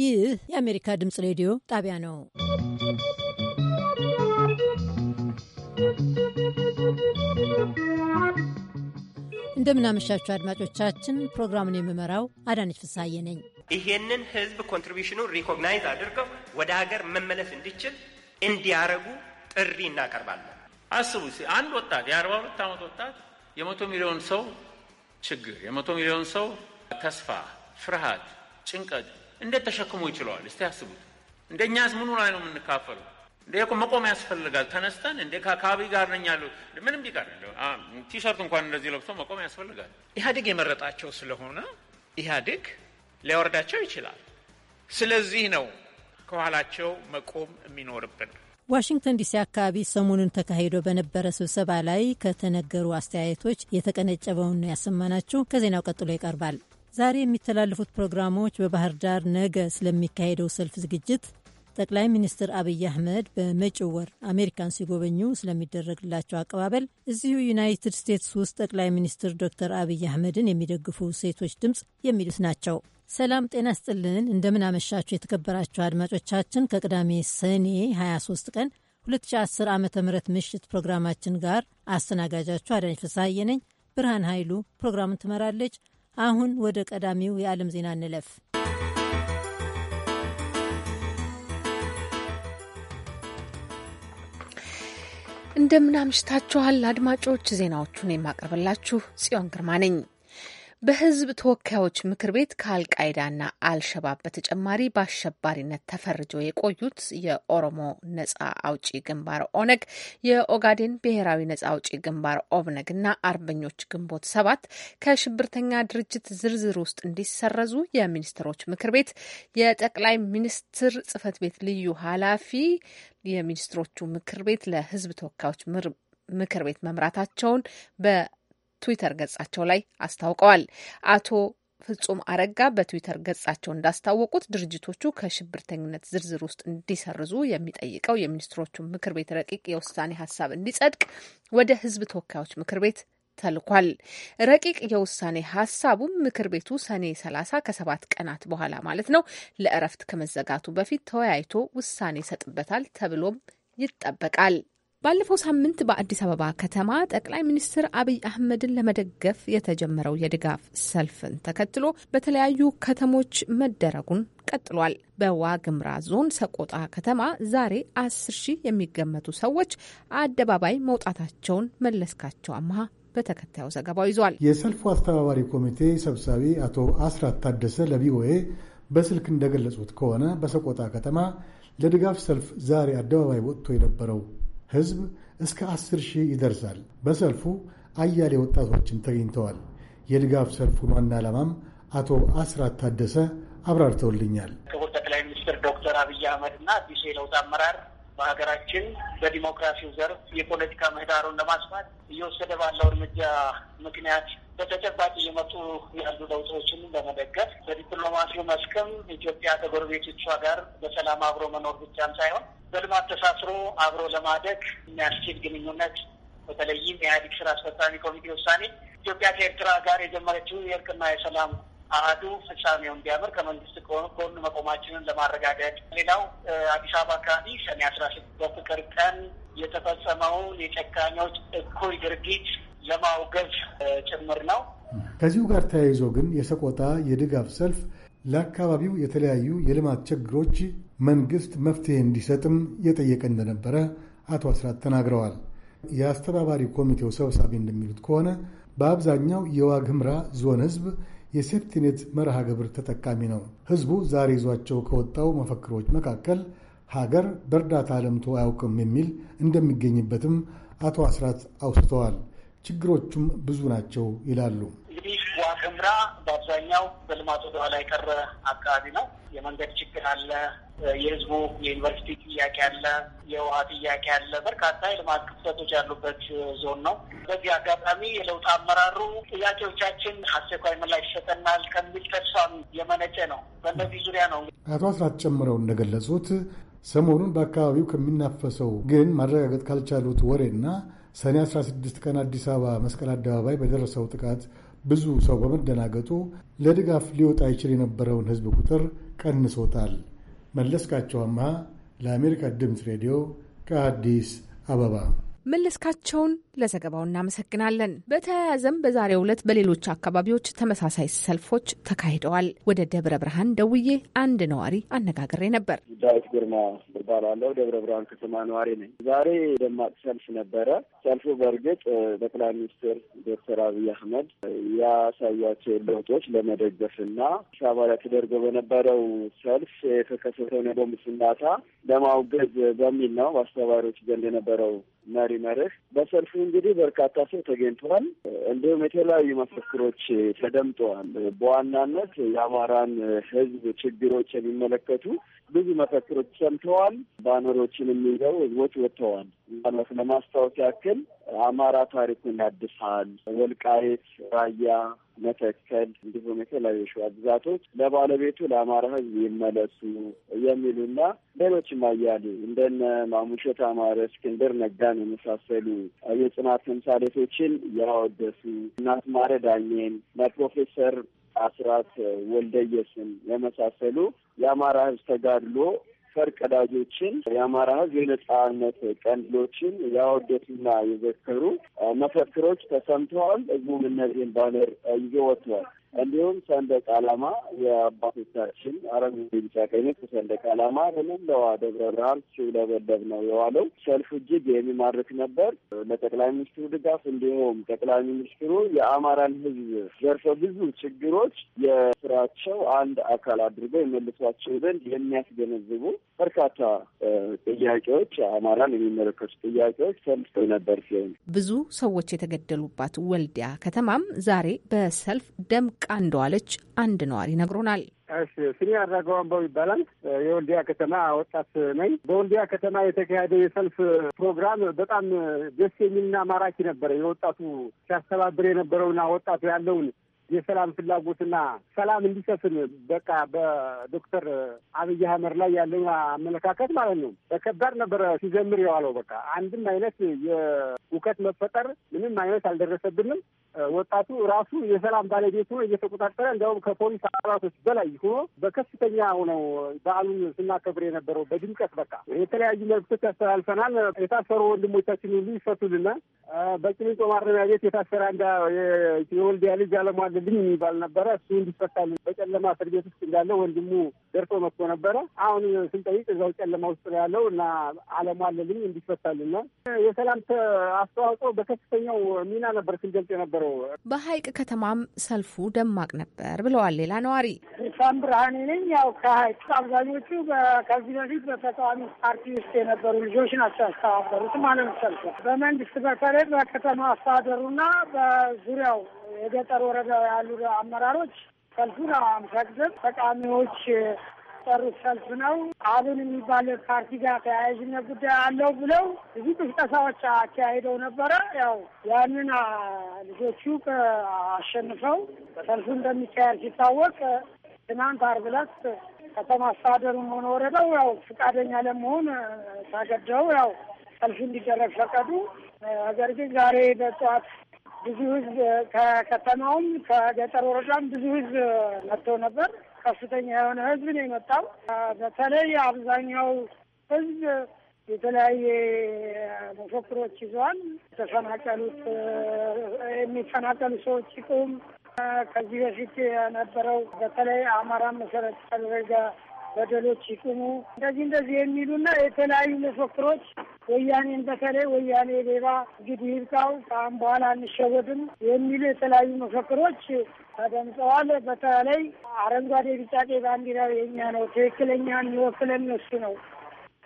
ይህ የአሜሪካ ድምፅ ሬዲዮ ጣቢያ ነው። እንደምናመሻችሁ አድማጮቻችን፣ ፕሮግራሙን የምመራው አዳነች ፍሳዬ ነኝ። ይሄንን ህዝብ ኮንትሪቢሽኑ ሪኮግናይዝ አድርገው ወደ ሀገር መመለስ እንዲችል እንዲያረጉ ጥሪ እናቀርባለን። አስቡ አንድ ወጣት የአርባ ሁለት ዓመት ወጣት የመቶ ሚሊዮን ሰው ችግር የመቶ ሚሊዮን ሰው ተስፋ፣ ፍርሃት፣ ጭንቀት እንዴት ተሸክሞ ይችለዋል? እስቲ ያስቡት። እንደኛስ ምኑ ላይ ነው የምንካፈለው? እንደ መቆም ያስፈልጋል። ተነስተን እንደ ከአካባቢ ጋር ነኝ ያሉ ምንም ቢቀር ቲሸርት እንኳን እንደዚህ ለብሶ መቆም ያስፈልጋል። ኢህአዴግ የመረጣቸው ስለሆነ ኢህአዴግ ሊያወርዳቸው ይችላል። ስለዚህ ነው ከኋላቸው መቆም የሚኖርብን። ዋሽንግተን ዲሲ አካባቢ ሰሞኑን ተካሂዶ በነበረ ስብሰባ ላይ ከተነገሩ አስተያየቶች የተቀነጨበውን ያሰማናችሁ። ከዜናው ቀጥሎ ይቀርባል። ዛሬ የሚተላለፉት ፕሮግራሞች በባህር ዳር ነገ ስለሚካሄደው ሰልፍ ዝግጅት፣ ጠቅላይ ሚኒስትር አብይ አህመድ በመጪው ወር አሜሪካን ሲጎበኙ ስለሚደረግላቸው አቀባበል፣ እዚሁ ዩናይትድ ስቴትስ ውስጥ ጠቅላይ ሚኒስትር ዶክተር አብይ አህመድን የሚደግፉ ሴቶች ድምፅ የሚሉት ናቸው። ሰላም ጤና ስጥልን። እንደምን አመሻችሁ የተከበራችሁ አድማጮቻችን ከቅዳሜ ሰኔ 23 ቀን 2010 ዓ ም ምሽት ፕሮግራማችን ጋር አስተናጋጃችሁ አዳኝ ፍስሐዬ ነኝ። ብርሃን ኃይሉ ፕሮግራሙን ትመራለች። አሁን ወደ ቀዳሚው የዓለም ዜና እንለፍ። እንደምናምሽታችኋል አድማጮች፣ ዜናዎቹን የማቀርብላችሁ ጽዮን ግርማ ነኝ። በህዝብ ተወካዮች ምክር ቤት ከአልቃይዳና አልሸባብ በተጨማሪ በአሸባሪነት ተፈርጀው የቆዩት የኦሮሞ ነጻ አውጪ ግንባር ኦነግ፣ የኦጋዴን ብሔራዊ ነጻ አውጪ ግንባር ኦብነግና አርበኞች ግንቦት ሰባት ከሽብርተኛ ድርጅት ዝርዝር ውስጥ እንዲሰረዙ የሚኒስትሮች ምክር ቤት የጠቅላይ ሚኒስትር ጽህፈት ቤት ልዩ ኃላፊ የሚኒስትሮቹ ምክር ቤት ለህዝብ ተወካዮች ምክር ቤት መምራታቸውን በ ትዊተር ገጻቸው ላይ አስታውቀዋል። አቶ ፍጹም አረጋ በትዊተር ገጻቸው እንዳስታወቁት ድርጅቶቹ ከሽብርተኝነት ዝርዝር ውስጥ እንዲሰርዙ የሚጠይቀው የሚኒስትሮቹ ምክር ቤት ረቂቅ የውሳኔ ሀሳብ እንዲጸድቅ ወደ ሕዝብ ተወካዮች ምክር ቤት ተልኳል። ረቂቅ የውሳኔ ሀሳቡም ምክር ቤቱ ሰኔ 30 ከሰባት ቀናት በኋላ ማለት ነው ለእረፍት ከመዘጋቱ በፊት ተወያይቶ ውሳኔ ይሰጥበታል ተብሎም ይጠበቃል። ባለፈው ሳምንት በአዲስ አበባ ከተማ ጠቅላይ ሚኒስትር አብይ አህመድን ለመደገፍ የተጀመረው የድጋፍ ሰልፍን ተከትሎ በተለያዩ ከተሞች መደረጉን ቀጥሏል። በዋግምራ ዞን ሰቆጣ ከተማ ዛሬ አስር ሺህ የሚገመቱ ሰዎች አደባባይ መውጣታቸውን መለስካቸው አመሃ በተከታዩ ዘገባው ይዟል። የሰልፉ አስተባባሪ ኮሚቴ ሰብሳቢ አቶ አስራት ታደሰ ለቪኦኤ በስልክ እንደገለጹት ከሆነ በሰቆጣ ከተማ ለድጋፍ ሰልፍ ዛሬ አደባባይ ወጥቶ የነበረው ሕዝብ እስከ አስር ሺህ ይደርሳል። በሰልፉ አያሌ ወጣቶችም ተገኝተዋል። የድጋፍ ሰልፉን ዋና ዓላማም አቶ አስራት ታደሰ አብራርተውልኛል። ክቡር ጠቅላይ ሚኒስትር ዶክተር አብይ አህመድ እና አዲሱ የለውጥ አመራር በሀገራችን በዲሞክራሲው ዘርፍ የፖለቲካ ምህዳሩን ለማስፋት እየወሰደ ባለው እርምጃ ምክንያት በተጨባጭ እየመጡ ያሉ ለውጦችን በመደገፍ በዲፕሎማሲው መስክም ኢትዮጵያ ከጎረቤቶቿ ጋር በሰላም አብሮ መኖር ብቻም ሳይሆን በልማት ተሳስሮ አብሮ ለማደግ የሚያስችል ግንኙነት በተለይም የኢህአዴግ ስራ አስፈጻሚ ኮሚቴ ውሳኔ ኢትዮጵያ ከኤርትራ ጋር የጀመረችው የእርቅና የሰላም አህዱ ፍጻሜው እንዲያምር ከመንግስት ጎን መቆማችንን ለማረጋገጥ ሌላው አዲስ አበባ አካባቢ ሰኔ አስራ ስድስት በፍቅር ቀን የተፈጸመውን የጨካኞች እኩይ ድርጊት ለማውገዝ ጭምር ነው። ከዚሁ ጋር ተያይዞ ግን የሰቆጣ የድጋፍ ሰልፍ ለአካባቢው የተለያዩ የልማት ችግሮች መንግስት መፍትሄ እንዲሰጥም የጠየቀ እንደነበረ አቶ አስራት ተናግረዋል። የአስተባባሪ ኮሚቴው ሰብሳቢ እንደሚሉት ከሆነ በአብዛኛው የዋግ ኽምራ ዞን ህዝብ የሴፍቲኔት መርሃ ግብር ተጠቃሚ ነው። ህዝቡ ዛሬ ይዟቸው ከወጣው መፈክሮች መካከል ሀገር በእርዳታ ለምቶ አያውቅም የሚል እንደሚገኝበትም አቶ አስራት አውስተዋል። ችግሮቹም ብዙ ናቸው ይላሉ። እንግዲህ ዋግምራ በአብዛኛው በልማት ወደኋላ የቀረ አካባቢ ነው። የመንገድ ችግር አለ። የህዝቡ የዩኒቨርሲቲ ጥያቄ አለ። የውሃ ጥያቄ አለ። በርካታ የልማት ክፍተቶች ያሉበት ዞን ነው። በዚህ አጋጣሚ የለውጥ አመራሩ ጥያቄዎቻችን አስቸኳይ ምላሽ ይሰጠናል ከሚል ተስፋም የመነጨ ነው። በእነዚህ ዙሪያ ነው አቶ አስራት ጨምረው እንደገለጹት ሰሞኑን በአካባቢው ከሚናፈሰው ግን ማረጋገጥ ካልቻሉት ወሬና ሰኔ 16 ቀን አዲስ አበባ መስቀል አደባባይ በደረሰው ጥቃት ብዙ ሰው በመደናገጡ ለድጋፍ ሊወጣ ይችል የነበረውን ሕዝብ ቁጥር ቀንሶታል። መለስካቸው አምሃ ለአሜሪካ ድምፅ ሬዲዮ ከአዲስ አበባ መለስካቸውን ለዘገባው እናመሰግናለን። በተያያዘም በዛሬው ዕለት በሌሎች አካባቢዎች ተመሳሳይ ሰልፎች ተካሂደዋል። ወደ ደብረ ብርሃን ደውዬ አንድ ነዋሪ አነጋግሬ ነበር። ዳዊት ግርማ እባላለሁ። ደብረ ብርሃን ከተማ ነዋሪ ነኝ። ዛሬ ደማቅ ሰልፍ ነበረ። ሰልፉ በእርግጥ ጠቅላይ ሚኒስትር ዶክተር አብይ አህመድ ያሳያቸው ለውጦች ለመደገፍና አዲስ አበባ ላይ ተደርጎ በነበረው ሰልፍ የተከሰተውን የቦምብ ፍንዳታ ለማውገዝ በሚል ነው በአስተባባሪዎች ዘንድ የነበረው መሪ መርህ በሰልፉ እንግዲህ በርካታ ሰው ተገኝተዋል። እንዲሁም የተለያዩ መፈክሮች ተደምጠዋል። በዋናነት የአማራን ሕዝብ ችግሮች የሚመለከቱ ብዙ መፈክሮች ሰምተዋል። ባነሮችን ይዘው ህዝቦች ወጥተዋል። ማለት ለማስታወስ ያክል አማራ ታሪኩን ያድሳል፣ ወልቃይት፣ ራያ፣ መተከል እንዲሁም የተለያዩ የሸዋ ግዛቶች ለባለቤቱ ለአማራ ህዝብ ይመለሱ የሚሉና ሌሎችም አያሌ እንደነ ማሙሸት አማረ፣ እስክንድር ነጋን የመሳሰሉ የጽናት ተምሳሌቶችን ያወደሱ እናት ማረ ዳኘን ለፕሮፌሰር አስራት ወልደየስን የመሳሰሉ የአማራ ህዝብ ተጋድሎ ፈርቀዳጆችን የአማራ ህዝብ የነጻነት ቀንድሎችን ያወደቱና የዘከሩ መፈክሮች ተሰምተዋል። ህዝቡም እነዚህን ባነር ይዞ ወጥተዋል። እንዲሁም ሰንደቅ ዓላማ የአባቶቻችን አረንጓዴ፣ ቢጫ፣ ቀይ ንድፍ ሰንደቅ ዓላማ በመላዋ ደብረ ብርሃን ሲውለበለብ ነው የዋለው። ሰልፉ እጅግ የሚማርክ ነበር። ለጠቅላይ ሚኒስትሩ ድጋፍ እንዲሁም ጠቅላይ ሚኒስትሩ የአማራን ሕዝብ ዘርፈ ብዙ ችግሮች የስራቸው አንድ አካል አድርገው የመልሷቸው ዘንድ የሚያስገነዝቡ በርካታ ጥያቄዎች፣ አማራን የሚመለከቱ ጥያቄዎች ሰልፍ ነበር ሲሆን ብዙ ሰዎች የተገደሉባት ወልዲያ ከተማም ዛሬ በሰልፍ ደም ብቅ እንደዋለች አንድ ነዋሪ ነግሮናል። እሺ ስሜ አድራጋ ይባላል። የወልዲያ ከተማ ወጣት ነኝ። በወልዲያ ከተማ የተካሄደው የሰልፍ ፕሮግራም በጣም ደስ የሚልና ማራኪ ነበረ። የወጣቱ ሲያስተባብር የነበረውና ወጣቱ ያለውን የሰላም ፍላጎትና ሰላም እንዲሰፍን በቃ በዶክተር አብይ አህመድ ላይ ያለኝ አመለካከት ማለት ነው በከባድ ነበረ ሲዘምር የዋለው በቃ አንድም አይነት የውከት መፈጠር ምንም አይነት አልደረሰብንም። ወጣቱ ራሱ የሰላም ባለቤት ሆኖ እየተቆጣጠረ እንዲያውም ከፖሊስ አባላቶች በላይ ሆኖ በከፍተኛ ሆነው በዓሉን ስናከብር የነበረው በድምቀት በቃ የተለያዩ መልዕክቶች ያስተላልፈናል። የታሰሩ ወንድሞቻችን ሁሉ ይፈቱልና በቂሊንጦ ማረሚያ ቤት የታሰረ አንድ የወልዲያ ልጅ አለሟል አድርግልኝ የሚባል ነበረ። እሱ እንዲፈታልን በጨለማ እስር ቤት ውስጥ እንዳለ ወንድሙ ደርሶ መጥቶ ነበረ። አሁን ስንጠይቅ እዛው ጨለማ ውስጥ ነው ያለው እና አለሙ አለልኝ ነው። የሰላም አስተዋጽኦ በከፍተኛው ሚና ነበር ስንገልጽ የነበረው። በሀይቅ ከተማም ሰልፉ ደማቅ ነበር ብለዋል ሌላ ነዋሪ። ሳም ብርሃኔ ነኝ። ያው ከሀይቅ አብዛኞቹ ከዚህ በፊት በተቃዋሚ ፓርቲ ውስጥ የነበሩ ልጆች ናቸው ያስተባበሩት ማለት ነው። ሰልፉ በመንግስት በተለይ በከተማ አስተዳደሩና በዙሪያው የገጠር ወረዳ ያሉ አመራሮች ሰልፉ ሰልፉን አንፈቅድም፣ ተቃዋሚዎች ጠሩት ሰልፍ ነው። አብን የሚባል ፓርቲ ጋር ተያያዥነት ጉዳይ አለው ብለው ብዙ ቅስቀሳዎች አካሄደው ነበረ። ያው ያንን ልጆቹ አሸንፈው ሰልፉ እንደሚካሄድ ሲታወቅ ትናንት ዓርብ ዕለት ከተማ አስተዳደሩም ሆነ ወረዳው ያው ፈቃደኛ ለመሆን ታገደው ያው ሰልፍ እንዲደረግ ፈቀዱ። ነገር ግን ዛሬ በጠዋት ብዙ ህዝብ ከከተማውም ከገጠር ወረዳም ብዙ ህዝብ መጥቶ ነበር። ከፍተኛ የሆነ ህዝብ ነው የመጣው። በተለይ አብዛኛው ህዝብ የተለያየ መፈክሮች ይዘዋል። የተፈናቀሉት የሚፈናቀሉ ሰዎች ይቁም፣ ከዚህ በፊት የነበረው በተለይ አማራን መሰረት ያደረገ በደሎች ይቁሙ፣ እንደዚህ እንደዚህ የሚሉና የተለያዩ መፈክሮች ወያኔን በተለይ ወያኔ ሌባ እንግዲህ ይብቃው፣ ከአሁን በኋላ አንሸወድም የሚሉ የተለያዩ መፈክሮች ተደምጸዋል። በተለይ አረንጓዴ ቢጫ ቀይ ባንዲራው የኛ ነው፣ ትክክለኛ የሚወክለን እሱ ነው፣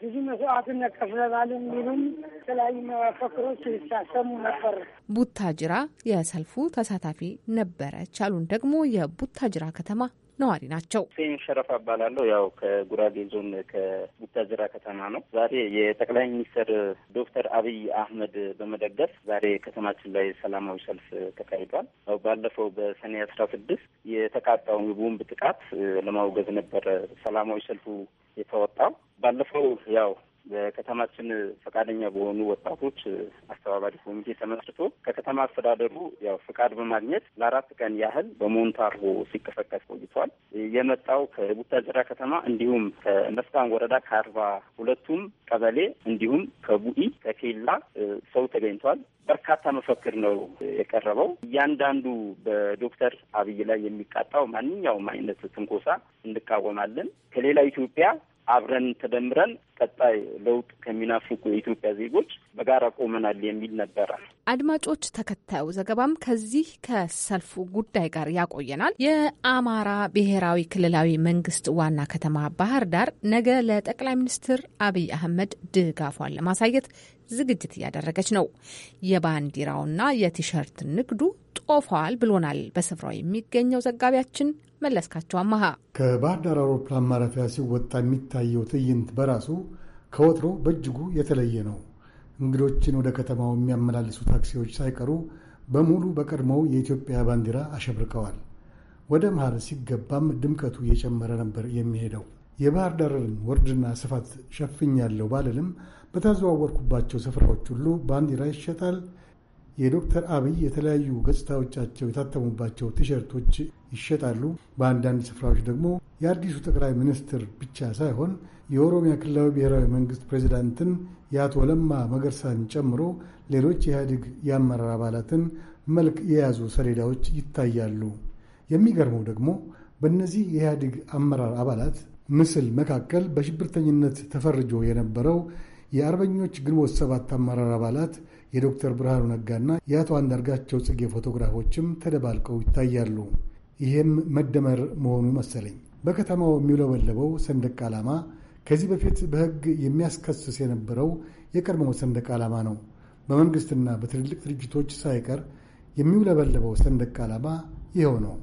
ብዙ መስዋዕትነት ከፍለናል የሚሉም የተለያዩ መፈክሮች ሲያሰሙ ነበር። ቡታጅራ የሰልፉ ተሳታፊ ነበረች ያሉን ደግሞ የቡታጅራ ከተማ ነዋሪ ናቸው። ሴን ሸረፋ እባላለሁ። ያው ከጉራጌ ዞን ከቡታዝራ ከተማ ነው። ዛሬ የጠቅላይ ሚኒስትር ዶክተር አብይ አህመድ በመደገፍ ዛሬ ከተማችን ላይ ሰላማዊ ሰልፍ ተካሂዷል። ያው ባለፈው በሰኔ አስራ ስድስት የተቃጣውን የቦምብ ጥቃት ለማውገዝ ነበረ ሰላማዊ ሰልፉ የተወጣው። ባለፈው ያው በከተማችን ፈቃደኛ በሆኑ ወጣቶች አስተባባሪ ኮሚቴ ተመስርቶ ከከተማ አስተዳደሩ ያው ፍቃድ በማግኘት ለአራት ቀን ያህል በሞንታርቦ ሲቀሰቀስ ቆይቷል። የመጣው ከቡታጅራ ከተማ እንዲሁም ከመስካን ወረዳ ከአርባ ሁለቱም ቀበሌ እንዲሁም ከቡኢ ከኬላ ሰው ተገኝቷል። በርካታ መፈክር ነው የቀረበው። እያንዳንዱ በዶክተር አብይ ላይ የሚቃጣው ማንኛውም አይነት ትንኮሳ እንቃወማለን። ከሌላ ኢትዮጵያ አብረን ተደምረን ቀጣይ ለውጥ ከሚናፍቁ የኢትዮጵያ ዜጎች በጋራ ቆመናል የሚል ነበረ። አድማጮች፣ ተከታዩ ዘገባም ከዚህ ከሰልፉ ጉዳይ ጋር ያቆየናል። የአማራ ብሔራዊ ክልላዊ መንግስት ዋና ከተማ ባህር ዳር ነገ ለጠቅላይ ሚኒስትር አብይ አህመድ ድጋፏን ለማሳየት ዝግጅት እያደረገች ነው። የባንዲራውና የቲሸርት ንግዱ ጦፏል ብሎናል በስፍራው የሚገኘው ዘጋቢያችን መለስካቸው አመሃ። ከባህር ዳር አውሮፕላን ማረፊያ ሲወጣ የሚታየው ትዕይንት በራሱ ከወትሮ በእጅጉ የተለየ ነው። እንግዶችን ወደ ከተማው የሚያመላልሱ ታክሲዎች ሳይቀሩ በሙሉ በቀድሞው የኢትዮጵያ ባንዲራ አሸብርቀዋል። ወደ መሃል ሲገባም ድምቀቱ እየጨመረ ነበር የሚሄደው። የባህር ዳርን ወርድና ስፋት ሸፍኛለሁ ባልልም በተዘዋወርኩባቸው ስፍራዎች ሁሉ ባንዲራ ይሸጣል፣ የዶክተር አብይ የተለያዩ ገጽታዎቻቸው የታተሙባቸው ቲሸርቶች ይሸጣሉ። በአንዳንድ ስፍራዎች ደግሞ የአዲሱ ጠቅላይ ሚኒስትር ብቻ ሳይሆን የኦሮሚያ ክልላዊ ብሔራዊ መንግስት ፕሬዚዳንትን የአቶ ለማ መገርሳን ጨምሮ ሌሎች የኢህአዴግ የአመራር አባላትን መልክ የያዙ ሰሌዳዎች ይታያሉ። የሚገርመው ደግሞ በእነዚህ የኢህአዴግ አመራር አባላት ምስል መካከል በሽብርተኝነት ተፈርጆ የነበረው የአርበኞች ግንቦት ሰባት አመራር አባላት የዶክተር ብርሃኑ ነጋና የአቶ አንዳርጋቸው ጽጌ ፎቶግራፎችም ተደባልቀው ይታያሉ። ይህም መደመር መሆኑ መሰለኝ። በከተማው የሚውለበለበው ሰንደቅ ዓላማ ከዚህ በፊት በሕግ የሚያስከስስ የነበረው የቀድሞው ሰንደቅ ዓላማ ነው። በመንግሥትና በትልልቅ ድርጅቶች ሳይቀር የሚውለበለበው ሰንደቅ ዓላማ ይኸው ነው።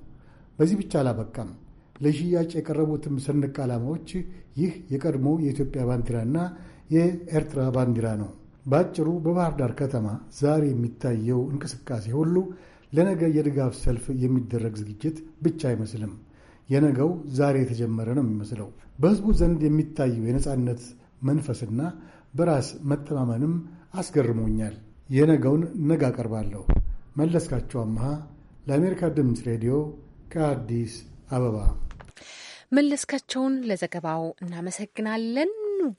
በዚህ ብቻ አላበቃም። ለሽያጭ የቀረቡትም ሰንደቅ ዓላማዎች ይህ የቀድሞ የኢትዮጵያ ባንዲራና የኤርትራ ባንዲራ ነው። በአጭሩ በባህር ዳር ከተማ ዛሬ የሚታየው እንቅስቃሴ ሁሉ ለነገ የድጋፍ ሰልፍ የሚደረግ ዝግጅት ብቻ አይመስልም። የነገው ዛሬ የተጀመረ ነው የሚመስለው። በሕዝቡ ዘንድ የሚታየው የነፃነት መንፈስና በራስ መተማመንም አስገርሞኛል። የነገውን ነገ አቀርባለሁ። መለስካቸው አመሃ ለአሜሪካ ድምፅ ሬዲዮ ከአዲስ አበባ። መለስካቸውን ለዘገባው እናመሰግናለን።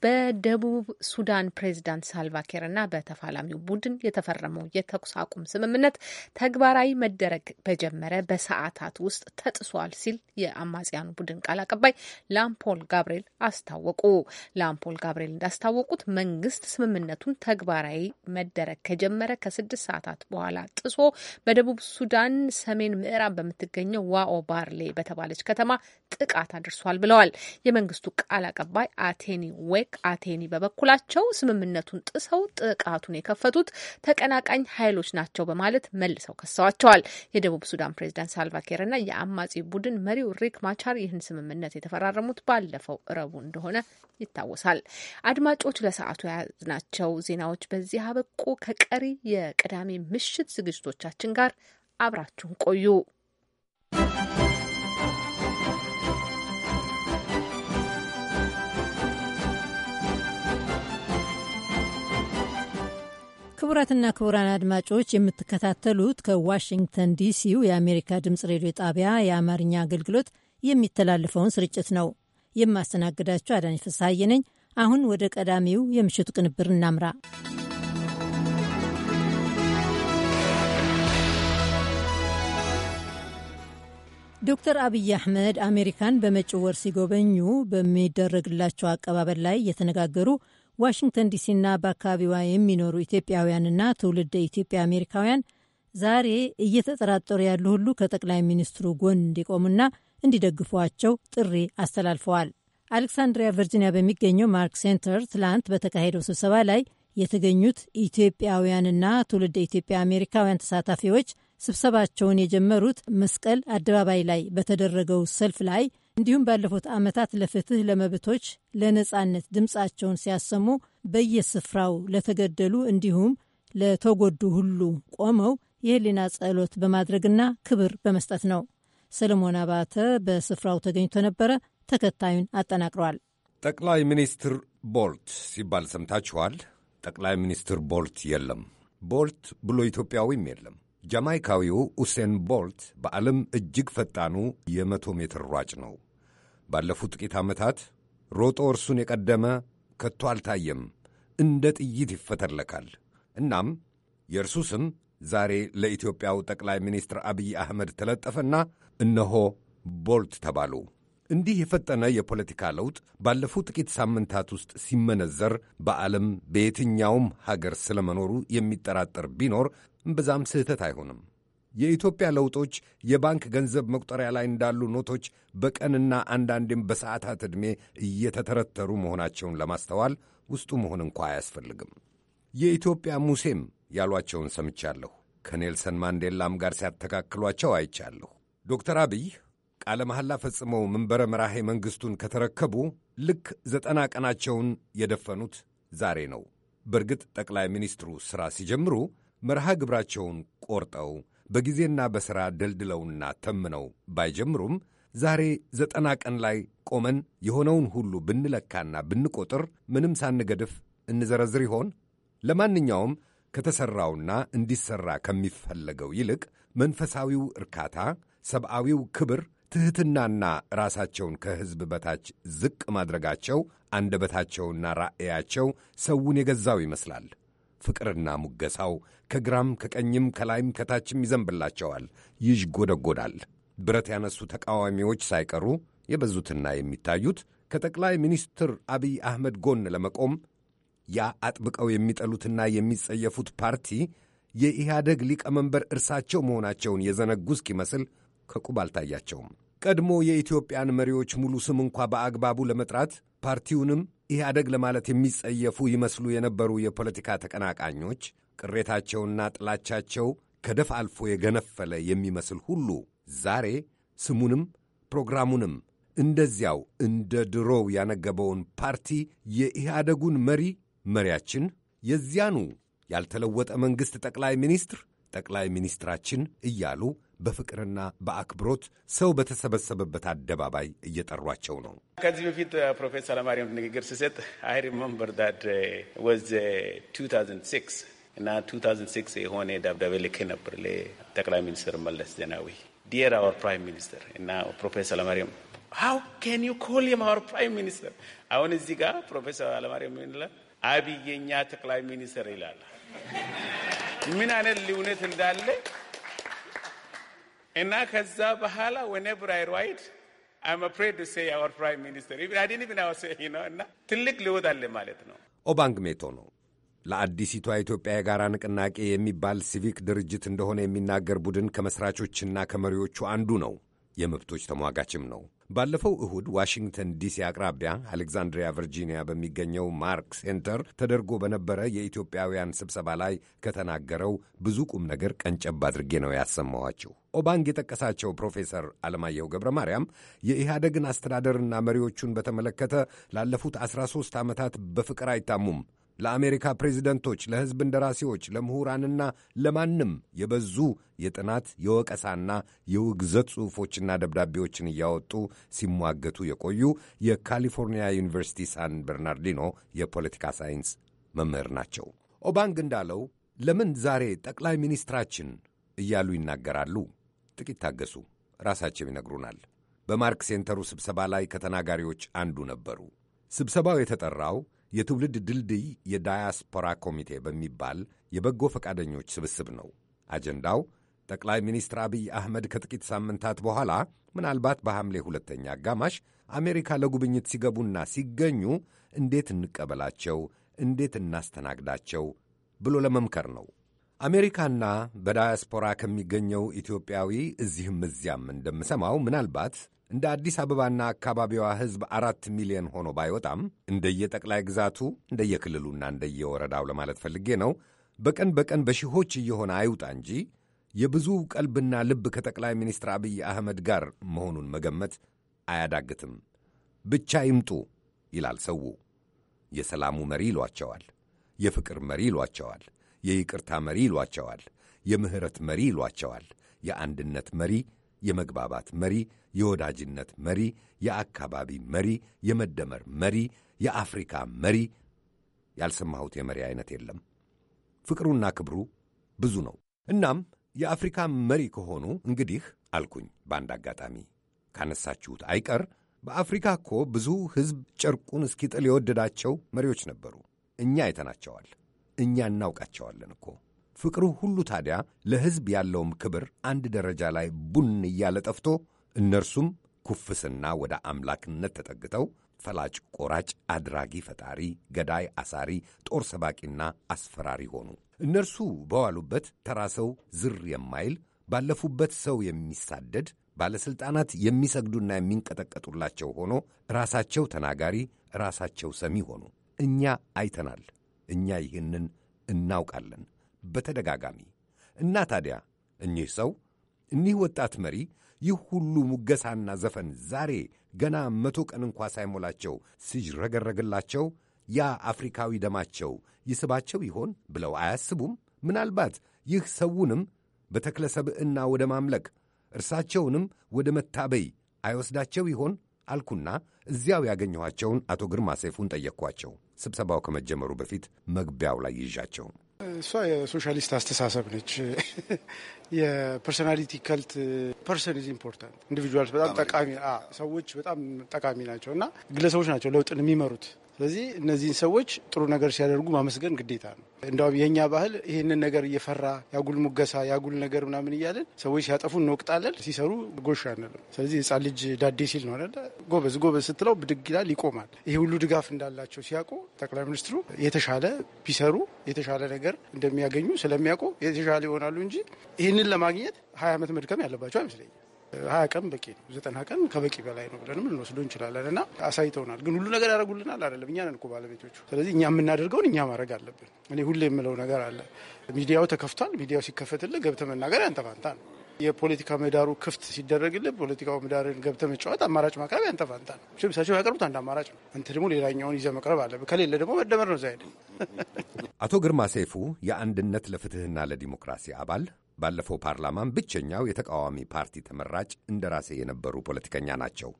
በደቡብ ሱዳን ፕሬዚዳንት እና በተፋላሚው ቡድን የተፈረመው የተኩስ አቁም ስምምነት ተግባራዊ መደረግ በጀመረ በሰዓታት ውስጥ ተጥሷል ሲል የአማጽያኑ ቡድን ቃል አቀባይ ላምፖል ጋብርኤል አስታወቁ። ላምፖል ጋብርኤል እንዳስታወቁት መንግስት ስምምነቱን ተግባራዊ መደረግ ከጀመረ ከስድስት ሰዓታት በኋላ ጥሶ በደቡብ ሱዳን ሰሜን ምዕራብ በምትገኘው ዋኦ ባርሌ በተባለች ከተማ ጥቃት አድርሷል ብለዋል። የመንግስቱ ቃል አቀባይ አቴኒ ዌክ አቴኒ በበኩላቸው ስምምነቱን ጥሰው ጥቃቱን የከፈቱት ተቀናቃኝ ኃይሎች ናቸው በማለት መልሰው ከሰዋቸዋል። የደቡብ ሱዳን ፕሬዚዳንት እና የአማጺ ቡድን መሪው ሪክ ማቻር ይህን ስምምነት የተፈራረሙት ባለፈው ረቡ እንደሆነ ይታወሳል። አድማጮች ለሰዓቱ የያዝናቸው ዜናዎች በዚህ አበቁ። ከቀሪ የቅዳሜ ምሽት ዝግጅቶቻችን ጋር አብራችሁን ቆዩ። ክቡራትና ክቡራን አድማጮች የምትከታተሉት ከዋሽንግተን ዲሲው የአሜሪካ ድምፅ ሬዲዮ ጣቢያ የአማርኛ አገልግሎት የሚተላለፈውን ስርጭት ነው። የማስተናግዳችሁ አዳኝ ፍስሐዬ ነኝ። አሁን ወደ ቀዳሚው የምሽቱ ቅንብር እናምራ። ዶክተር አብይ አሕመድ አሜሪካን በመጪው ወር ሲጎበኙ በሚደረግላቸው አቀባበል ላይ እየተነጋገሩ ዋሽንግተን ዲሲና በአካባቢዋ የሚኖሩ ኢትዮጵያውያንና ትውልደ ኢትዮጵያ አሜሪካውያን ዛሬ እየተጠራጠሩ ያሉ ሁሉ ከጠቅላይ ሚኒስትሩ ጎን እንዲቆሙና እንዲደግፏቸው ጥሪ አስተላልፈዋል። አሌክሳንድሪያ ቨርጂኒያ በሚገኘው ማርክ ሴንተር ትላንት በተካሄደው ስብሰባ ላይ የተገኙት ኢትዮጵያውያንና ትውልደ ኢትዮጵያ አሜሪካውያን ተሳታፊዎች ስብሰባቸውን የጀመሩት መስቀል አደባባይ ላይ በተደረገው ሰልፍ ላይ እንዲሁም ባለፉት ዓመታት ለፍትህ፣ ለመብቶች፣ ለነጻነት ድምፃቸውን ሲያሰሙ በየስፍራው ለተገደሉ እንዲሁም ለተጎዱ ሁሉ ቆመው የህሊና ጸሎት በማድረግና ክብር በመስጠት ነው። ሰለሞን አባተ በስፍራው ተገኝቶ ነበረ። ተከታዩን አጠናቅረዋል። ጠቅላይ ሚኒስትር ቦልት ሲባል ሰምታችኋል። ጠቅላይ ሚኒስትር ቦልት የለም፣ ቦልት ብሎ ኢትዮጵያዊም የለም። ጃማይካዊው ኡሴን ቦልት በዓለም እጅግ ፈጣኑ የመቶ ሜትር ሯጭ ነው። ባለፉት ጥቂት ዓመታት ሮጦ እርሱን የቀደመ ከቶ አልታየም። እንደ ጥይት ይፈተለካል። እናም የእርሱ ስም ዛሬ ለኢትዮጵያው ጠቅላይ ሚኒስትር አብይ አህመድ ተለጠፈና እነሆ ቦልት ተባሉ። እንዲህ የፈጠነ የፖለቲካ ለውጥ ባለፉት ጥቂት ሳምንታት ውስጥ ሲመነዘር በዓለም በየትኛውም ሀገር ስለመኖሩ የሚጠራጠር ቢኖር እምብዛም ስህተት አይሆንም። የኢትዮጵያ ለውጦች የባንክ ገንዘብ መቁጠሪያ ላይ እንዳሉ ኖቶች በቀንና አንዳንዴም በሰዓታት ዕድሜ እየተተረተሩ መሆናቸውን ለማስተዋል ውስጡ መሆን እንኳ አያስፈልግም። የኢትዮጵያ ሙሴም ያሏቸውን ሰምቻለሁ። ከኔልሰን ማንዴላም ጋር ሲያተካክሏቸው አይቻለሁ። ዶክተር አብይ ቃለ መሐላ ፈጽመው መንበረ መራሄ መንግሥቱን ከተረከቡ ልክ ዘጠና ቀናቸውን የደፈኑት ዛሬ ነው። በእርግጥ ጠቅላይ ሚኒስትሩ ሥራ ሲጀምሩ መርሃ ግብራቸውን ቆርጠው በጊዜና በሥራ ደልድለውና ተምነው ባይጀምሩም ዛሬ ዘጠና ቀን ላይ ቆመን የሆነውን ሁሉ ብንለካና ብንቆጥር ምንም ሳንገድፍ እንዘረዝር ይሆን? ለማንኛውም ከተሠራውና እንዲሠራ ከሚፈለገው ይልቅ መንፈሳዊው እርካታ፣ ሰብአዊው ክብር፣ ትሕትናና ራሳቸውን ከሕዝብ በታች ዝቅ ማድረጋቸው አንደበታቸውና ራዕያቸው ሰውን የገዛው ይመስላል። ፍቅርና ሙገሳው ከግራም ከቀኝም ከላይም ከታችም ይዘንብላቸዋል፣ ይዥጎደጎዳል። ብረት ያነሱ ተቃዋሚዎች ሳይቀሩ የበዙትና የሚታዩት ከጠቅላይ ሚኒስትር አብይ አህመድ ጎን ለመቆም ያ አጥብቀው የሚጠሉትና የሚጸየፉት ፓርቲ የኢህአደግ ሊቀመንበር እርሳቸው መሆናቸውን የዘነጉ እስኪመስል ከቁብ አልታያቸውም። ቀድሞ የኢትዮጵያን መሪዎች ሙሉ ስም እንኳ በአግባቡ ለመጥራት ፓርቲውንም ኢህአደግ ለማለት የሚጸየፉ ይመስሉ የነበሩ የፖለቲካ ተቀናቃኞች ቅሬታቸውና ጥላቻቸው ከደፍ አልፎ የገነፈለ የሚመስል ሁሉ ዛሬ ስሙንም ፕሮግራሙንም እንደዚያው እንደ ድሮው ያነገበውን ፓርቲ የኢህአደጉን መሪ መሪያችን የዚያኑ ያልተለወጠ መንግሥት ጠቅላይ ሚኒስትር ጠቅላይ ሚኒስትራችን እያሉ በፍቅርና በአክብሮት ሰው በተሰበሰበበት አደባባይ እየጠሯቸው ነው። ከዚህ በፊት ፕሮፌሰር አለማርያም ንግግር ስሰጥ አይ ሪመምበር ዳት ወዝ 2006 እና 2006 የሆነ ደብዳቤ ልክ ነበር ለጠቅላይ ሚኒስትር መለስ ዜናዊ ዲየር አወር ፕራይም ሚኒስትር እና ፕሮፌሰር ለማርያም ሀው ኬን ዩ ኮል የም አወር ፕራይም ሚኒስትር። አሁን እዚህ ጋር ፕሮፌሰር አለማርያም ምንለ አብይ የኛ ጠቅላይ ሚኒስትር ይላል። ምን አይነት ልዩነት እንዳለ እና ከዛ በኋላ ወኔቨር አይ ራይት አይም አፍሬድ ቱ ሴይ አወር ፕራይም ሚኒስተር ኢቭን ብን ሴይ ነው። እና ትልቅ ለውጥ አለ ማለት ነው። ኦባንግ ሜቶ ነው ለአዲሲቷ ኢትዮጵያ የጋራ ንቅናቄ የሚባል ሲቪክ ድርጅት እንደሆነ የሚናገር ቡድን ከመስራቾችና ከመሪዎቹ አንዱ ነው። የመብቶች ተሟጋችም ነው። ባለፈው እሁድ ዋሽንግተን ዲሲ አቅራቢያ አሌክዛንድሪያ ቨርጂኒያ በሚገኘው ማርክ ሴንተር ተደርጎ በነበረ የኢትዮጵያውያን ስብሰባ ላይ ከተናገረው ብዙ ቁም ነገር ቀንጨብ አድርጌ ነው ያሰማዋቸው። ኦባንግ የጠቀሳቸው ፕሮፌሰር አለማየሁ ገብረ ማርያም የኢህአደግን አስተዳደርና መሪዎቹን በተመለከተ ላለፉት 13 ዓመታት በፍቅር አይታሙም ለአሜሪካ ፕሬዚደንቶች፣ ለሕዝብ እንደራሴዎች፣ ለምሁራንና ለማንም የበዙ የጥናት የወቀሳና የውግዘት ጽሑፎችና ደብዳቤዎችን እያወጡ ሲሟገቱ የቆዩ የካሊፎርኒያ ዩኒቨርሲቲ ሳን በርናርዲኖ የፖለቲካ ሳይንስ መምህር ናቸው። ኦባንግ እንዳለው ለምን ዛሬ ጠቅላይ ሚኒስትራችን እያሉ ይናገራሉ? ጥቂት ታገሱ፣ ራሳቸው ይነግሩናል። በማርክ ሴንተሩ ስብሰባ ላይ ከተናጋሪዎች አንዱ ነበሩ። ስብሰባው የተጠራው የትውልድ ድልድይ የዳያስፖራ ኮሚቴ በሚባል የበጎ ፈቃደኞች ስብስብ ነው። አጀንዳው ጠቅላይ ሚኒስትር አብይ አህመድ ከጥቂት ሳምንታት በኋላ ምናልባት በሐምሌ ሁለተኛ አጋማሽ አሜሪካ ለጉብኝት ሲገቡና ሲገኙ እንዴት እንቀበላቸው፣ እንዴት እናስተናግዳቸው ብሎ ለመምከር ነው። አሜሪካና በዳያስፖራ ከሚገኘው ኢትዮጵያዊ እዚህም እዚያም እንደምሰማው ምናልባት እንደ አዲስ አበባና አካባቢዋ ሕዝብ አራት ሚሊዮን ሆኖ ባይወጣም እንደየጠቅላይ ግዛቱ እንደየክልሉና እንደየወረዳው ለማለት ፈልጌ ነው። በቀን በቀን በሺዎች እየሆነ አይውጣ እንጂ የብዙ ቀልብና ልብ ከጠቅላይ ሚኒስትር አብይ አህመድ ጋር መሆኑን መገመት አያዳግትም። ብቻ ይምጡ ይላል ሰው። የሰላሙ መሪ ይሏቸዋል፣ የፍቅር መሪ ይሏቸዋል፣ የይቅርታ መሪ ይሏቸዋል፣ የምህረት መሪ ይሏቸዋል፣ የአንድነት መሪ የመግባባት መሪ፣ የወዳጅነት መሪ፣ የአካባቢ መሪ፣ የመደመር መሪ፣ የአፍሪካ መሪ። ያልሰማሁት የመሪ አይነት የለም። ፍቅሩና ክብሩ ብዙ ነው። እናም የአፍሪካ መሪ ከሆኑ እንግዲህ አልኩኝ በአንድ አጋጣሚ ካነሳችሁት አይቀር በአፍሪካ እኮ ብዙ ሕዝብ ጨርቁን እስኪጥል የወደዳቸው መሪዎች ነበሩ። እኛ አይተናቸዋል፣ እኛ እናውቃቸዋለን እኮ ፍቅሩ ሁሉ ታዲያ ለሕዝብ ያለውም ክብር አንድ ደረጃ ላይ ቡን እያለ ጠፍቶ እነርሱም ኩፍስና ወደ አምላክነት ተጠግተው ፈላጭ ቆራጭ፣ አድራጊ ፈጣሪ፣ ገዳይ አሳሪ፣ ጦር ሰባቂና አስፈራሪ ሆኑ። እነርሱ በዋሉበት ተራ ሰው ዝር የማይል ባለፉበት ሰው የሚሳደድ ባለሥልጣናት የሚሰግዱና የሚንቀጠቀጡላቸው ሆኖ ራሳቸው ተናጋሪ፣ ራሳቸው ሰሚ ሆኑ። እኛ አይተናል። እኛ ይህንን እናውቃለን። በተደጋጋሚ እና ታዲያ እኚህ ሰው እኒህ ወጣት መሪ ይህ ሁሉ ሙገሳና ዘፈን ዛሬ ገና መቶ ቀን እንኳ ሳይሞላቸው ሲረገረግላቸው ያ አፍሪካዊ ደማቸው ይስባቸው ይሆን ብለው አያስቡም? ምናልባት ይህ ሰውንም በተክለ ሰብዕና ወደ ማምለክ እርሳቸውንም ወደ መታበይ አይወስዳቸው ይሆን አልኩና እዚያው ያገኘኋቸውን አቶ ግርማ ሰይፉን ጠየቅኳቸው። ስብሰባው ከመጀመሩ በፊት መግቢያው ላይ ይዣቸው እሷ የሶሻሊስት አስተሳሰብ ነች። የፐርሶናሊቲ ከልት ፐርሰን ኢዝ ኢምፖርታንት ኢንዲቪጁዋልስ በጣም ጠቃሚ ሰዎች በጣም ጠቃሚ ናቸው እና ግለሰቦች ናቸው ለውጥን የሚመሩት ስለዚህ እነዚህን ሰዎች ጥሩ ነገር ሲያደርጉ ማመስገን ግዴታ ነው። እንዲሁም የእኛ ባህል ይህንን ነገር እየፈራ ያጉል ሙገሳ ያጉል ነገር ምናምን እያለን ሰዎች ሲያጠፉ እንወቅጣለን፣ ሲሰሩ ጎሽ አንልም። ስለዚህ ህፃን ልጅ ዳዴ ሲል ነው አይደለ? ጎበዝ ጎበዝ ስትለው ብድግ ይላል፣ ይቆማል። ይህ ሁሉ ድጋፍ እንዳላቸው ሲያውቁ ጠቅላይ ሚኒስትሩ የተሻለ ቢሰሩ የተሻለ ነገር እንደሚያገኙ ስለሚያውቁ የተሻለ ይሆናሉ እንጂ ይህንን ለማግኘት ሀያ ዓመት መድከም ያለባቸው አይመስለኝም። ሀያ ቀን በቂ ነው፣ ዘጠና ቀን ከበቂ በላይ ነው ብለንም ልንወስዶ እንችላለን። እና አሳይተውናል። ግን ሁሉ ነገር ያደረጉልናል አይደለም። እኛ ነን እኮ ባለቤቶቹ። ስለዚህ እኛ የምናደርገውን እኛ ማድረግ አለብን። እኔ ሁሌ የምለው ነገር አለ። ሚዲያው ተከፍቷል። ሚዲያው ሲከፈትልህ ገብተህ መናገር ያንተ ፋንታ ነው። የፖለቲካ ምህዳሩ ክፍት ሲደረግልህ ፖለቲካው ምህዳርን ገብተህ መጫወት አማራጭ ማቅረብ ያንተ ፋንታ ነው። ሳቸው ያቀርቡት አንድ አማራጭ ነው። አንተ ደግሞ ሌላኛውን ይዘህ መቅረብ አለብህ። ከሌለ ደግሞ መደመር ነው። ዛ ሄደ አቶ ግርማ ሰይፉ የአንድነት ለፍትህና ለዲሞክራሲ አባል ባለፈው ፓርላማም ብቸኛው የተቃዋሚ ፓርቲ ተመራጭ እንደራሴ የነበሩ ፖለቲከኛ ናቸው።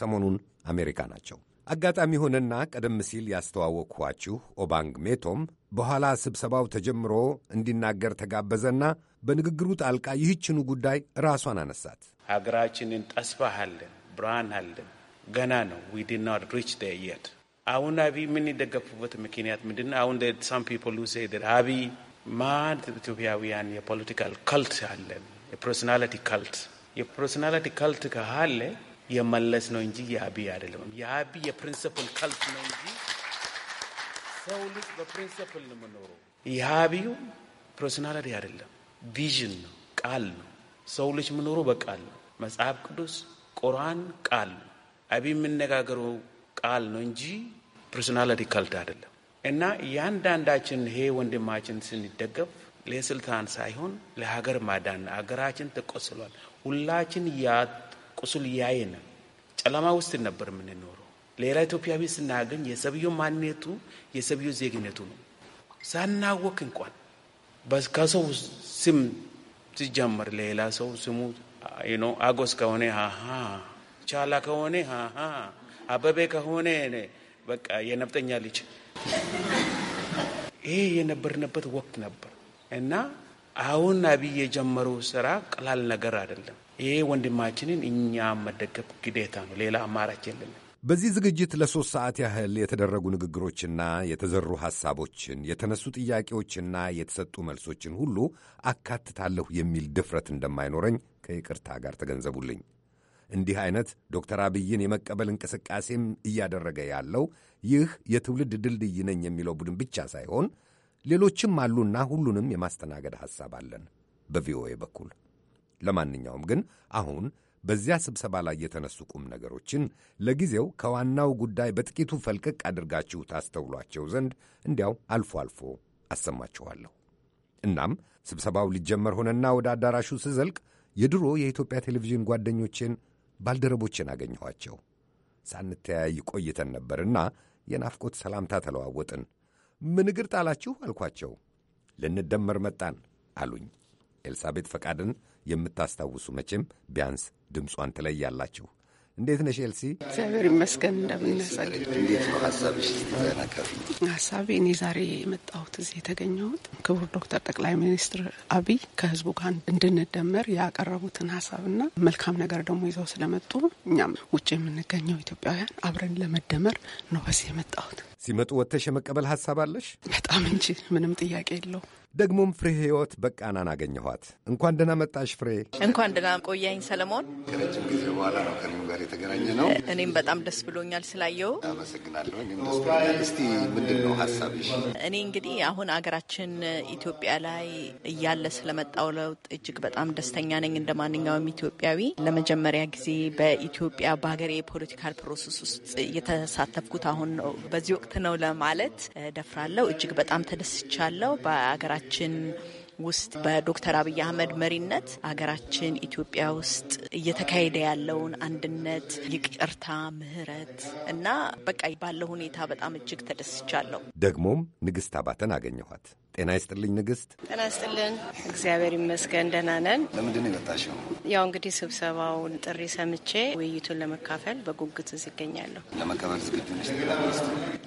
ሰሞኑን አሜሪካ ናቸው። አጋጣሚ ሆነና ቀደም ሲል ያስተዋወቅኋችሁ ኦባንግ ሜቶም በኋላ ስብሰባው ተጀምሮ እንዲናገር ተጋበዘና በንግግሩ ጣልቃ ይህችኑ ጉዳይ ራሷን አነሳት። ሀገራችንን ተስፋ አለን፣ ብርሃን አለን፣ ገና ነው። ዊድና ሪች የት አሁን አብይ የምንደገፉበት ምክንያት ምንድን ነው? አሁን ሳም ፒፕል ሴ አብይ ማድ ኢትዮጵያውያን የፖለቲካል ካልት አለን፣ የፐርሶናሊቲ ካልት። የፐርሶናሊቲ ካልት ካለ የመለስ ነው እንጂ የአብይ አይደለም። የአብይ የፕሪንስፕል ካልት ነው እንጂ ሰው ልጅ በፕሪንስፕል ነው የምኖረው። የአብዩ ፐርሶናሊቲ አይደለም፣ ቪዥን ነው፣ ቃል ነው። ሰው ልጅ የምኖረው በቃል ነው። መጽሐፍ ቅዱስ ቁርአን ቃል ነው። አብይ የምነጋገረው ቃል ነው እንጂ ፐርሶናሊቲ ካልት አይደለም። እና እያንዳንዳችን ይሄ ወንድማችን ስንደገፍ ለስልጣን ሳይሆን ለሀገር ማዳን ሀገራችን ተቆስሏል። ሁላችን ያ ቁስል ያየን ጨለማ ውስጥ ነበር የምንኖረው። ሌላ ኢትዮጵያዊ ስናገኝ የሰብዩ ማንነቱ የሰብዩ ዜግነቱ ነው። ሳናወቅ እንኳን ከሰው ስም ሲጀመር ሌላ ሰው ስሙ አጎስ ከሆነ ሀሀ፣ ቻላ ከሆነ ሃሃ አበቤ ከሆነ በቃ የነፍጠኛ ልጅ ይሄ የነበርንበት ወቅት ነበር እና አሁን አብይ የጀመሩ ስራ ቀላል ነገር አይደለም። ይሄ ወንድማችንን እኛ መደገፍ ግዴታ ነው። ሌላ አማራጭ የለንም። በዚህ ዝግጅት ለሶስት ሰዓት ያህል የተደረጉ ንግግሮችና የተዘሩ ሐሳቦችን፣ የተነሱ ጥያቄዎችና የተሰጡ መልሶችን ሁሉ አካትታለሁ የሚል ድፍረት እንደማይኖረኝ ከይቅርታ ጋር ተገንዘቡልኝ። እንዲህ አይነት ዶክተር አብይን የመቀበል እንቅስቃሴም እያደረገ ያለው ይህ የትውልድ ድልድይ ነኝ የሚለው ቡድን ብቻ ሳይሆን ሌሎችም አሉና ሁሉንም የማስተናገድ ሐሳብ አለን በቪኦኤ በኩል። ለማንኛውም ግን አሁን በዚያ ስብሰባ ላይ የተነሱ ቁም ነገሮችን ለጊዜው ከዋናው ጉዳይ በጥቂቱ ፈልቀቅ አድርጋችሁ ታስተውሏቸው ዘንድ እንዲያው አልፎ አልፎ አሰማችኋለሁ። እናም ስብሰባው ሊጀመር ሆነና ወደ አዳራሹ ስዘልቅ የድሮ የኢትዮጵያ ቴሌቪዥን ጓደኞቼን ባልደረቦችን አገኘኋቸው። ሳንተያይ ቆይተን ነበርና የናፍቆት ሰላምታ ተለዋወጥን። ምን እግር ጣላችሁ አልኳቸው። ልንደመር መጣን አሉኝ። ኤልሳቤጥ ፈቃድን የምታስታውሱ መቼም ቢያንስ ድምጿን ትለያላችሁ እንዴት ነሽ ኤልሲ? እግዚአብሔር ይመስገን። እንደምንሳል እንዴት ነው ሀሳብሽ? ሀሳቤ እኔ ዛሬ የመጣሁት እዚህ የተገኘሁት ክቡር ዶክተር ጠቅላይ ሚኒስትር አብይ ከህዝቡ ጋር እንድንደመር ያቀረቡትን ሀሳብና መልካም ነገር ደግሞ ይዘው ስለመጡ እኛም ውጭ የምንገኘው ኢትዮጵያውያን አብረን ለመደመር ነው በዚህ የመጣሁት። ሲመጡ ወጥተሽ የመቀበል ሀሳብ አለሽ? በጣም እንጂ ምንም ጥያቄ የለውም። ደግሞም ፍሬ ሕይወት በቃናን አገኘኋት። እንኳን ደህና መጣሽ ፍሬ። እንኳን ደህና ቆያኝ ሰለሞን። ከረጅም ጊዜ በኋላ ነው ከእኔም ጋር የተገናኘ ነው። እኔም በጣም ደስ ብሎኛል ስላየው አመሰግናለሁ። እስቲ ምንድን ነው ሀሳብሽ? እኔ እንግዲህ አሁን አገራችን ኢትዮጵያ ላይ እያለ ስለመጣው ለውጥ እጅግ በጣም ደስተኛ ነኝ። እንደ ማንኛውም ኢትዮጵያዊ ለመጀመሪያ ጊዜ በኢትዮጵያ በሀገሬ የፖለቲካል ፕሮሰስ ውስጥ የተሳተፍኩት አሁን ነው በዚህ ወቅት ነው ለማለት ደፍራለሁ። እጅግ በጣም ተደስቻለሁ በአገራ ሀገራችን ውስጥ በዶክተር አብይ አህመድ መሪነት ሀገራችን ኢትዮጵያ ውስጥ እየተካሄደ ያለውን አንድነት፣ ይቅርታ፣ ምህረት እና በቃ ባለው ሁኔታ በጣም እጅግ ተደስቻለሁ። ደግሞም ንግስት አባተን አገኘኋት። ጤና ይስጥልኝ ንግስት። ጤና ይስጥልን። እግዚአብሔር ይመስገን ደህና ነን። ለምንድን ነው የመጣሽው? ያው እንግዲህ ስብሰባውን ጥሪ ሰምቼ ውይይቱን ለመካፈል በጉጉት እዚህ ይገኛለሁ። ለመቀበል ዝግጁ ነሽ?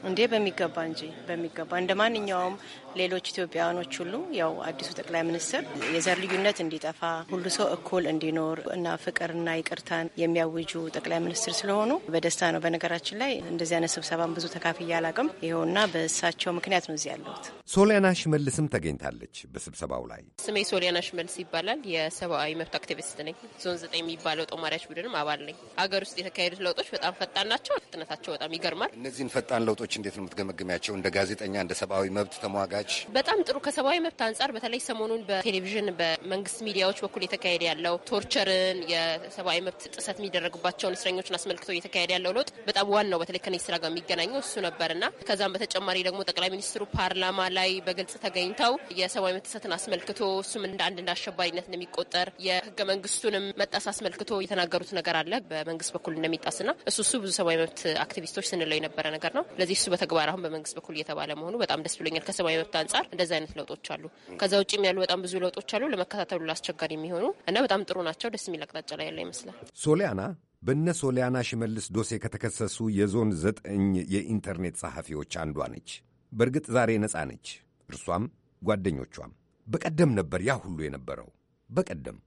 እንዴ በሚገባ እንጂ በሚገባ እንደ ማንኛውም ሌሎች ኢትዮጵያውያኖች ሁሉ ያው አዲሱ ጠቅላይ ሚኒስትር የዘር ልዩነት እንዲጠፋ ሁሉ ሰው እኩል እንዲኖር እና ፍቅርና ይቅርታን የሚያውጁ ጠቅላይ ሚኒስትር ስለሆኑ በደስታ ነው። በነገራችን ላይ እንደዚህ አይነት ስብሰባን ብዙ ተካፍያ አላቅም። ይኸውና በእሳቸው ምክንያት ነው እዚህ ያለሁት። ሶሊያና ሽመልስም ተገኝታለች በስብሰባው ላይ። ስሜ ሶሊያና ሽመልስ ይባላል። የሰብአዊ መብት አክቲቪስት ነኝ። ዞን ዘጠኝ የሚባለው ጦማሪያች ቡድንም አባል ነኝ። አገር ውስጥ የተካሄዱት ለውጦች በጣም ፈጣን ናቸው። ፍጥነታቸው በጣም ይገርማል። እነዚህን ፈጣን ለውጦች እንዴት ነው የምትገመግሚያቸው? እንደ ጋዜጠኛ፣ እንደ ሰብአዊ መብት ተሟጋች። በጣም ጥሩ። ከሰብአዊ መብት አንጻር በተለይ ሰሞኑን በቴሌቪዥን በመንግስት ሚዲያዎች በኩል የተካሄደ ያለው ቶርቸርን፣ የሰብአዊ መብት ጥሰት የሚደረግባቸውን እስረኞችን አስመልክቶ እየተካሄደ ያለው ለውጥ በጣም ዋናው በተለይ ከኔ ስራ ጋር የሚገናኘው እሱ ነበርና ከዛም በተጨማሪ ደግሞ ጠቅላይ ሚኒስትሩ ፓርላማ ላይ በግልጽ ተገኝተው የሰብአዊ መብት ጥሰትን አስመልክቶ እሱም እንደ አንድ እንደ አሸባሪነት እንደሚቆጠር የህገ መንግስቱንም መጣስ አስመልክቶ የተናገሩት ነገር አለ በመንግስት በኩል እንደሚጣስና እሱ እሱ ብዙ ሰብአዊ መብት አክቲቪስቶች ስንለው የነበረ ነገር ነው። ስለዚህ እሱ በተግባር አሁን በመንግስት በኩል እየተባለ መሆኑ በጣም ደስ ብሎኛል። ከሰብአዊ መብት አንጻር እንደዚህ አይነት ለውጦች አሉ። ከዛ ውጭም ያሉ በጣም ብዙ ለውጦች አሉ ለመከታተሉ አስቸጋሪ የሚሆኑ እና በጣም ጥሩ ናቸው። ደስ የሚል አቅጣጫ ላይ ያለው ይመስላል። ሶሊያና በነ ሶሊያና ሽመልስ ዶሴ ከተከሰሱ የዞን ዘጠኝ የኢንተርኔት ጸሐፊዎች አንዷ ነች። በእርግጥ ዛሬ ነጻ ነች። እርሷም ጓደኞቿም። በቀደም ነበር ያ ሁሉ የነበረው። በቀደም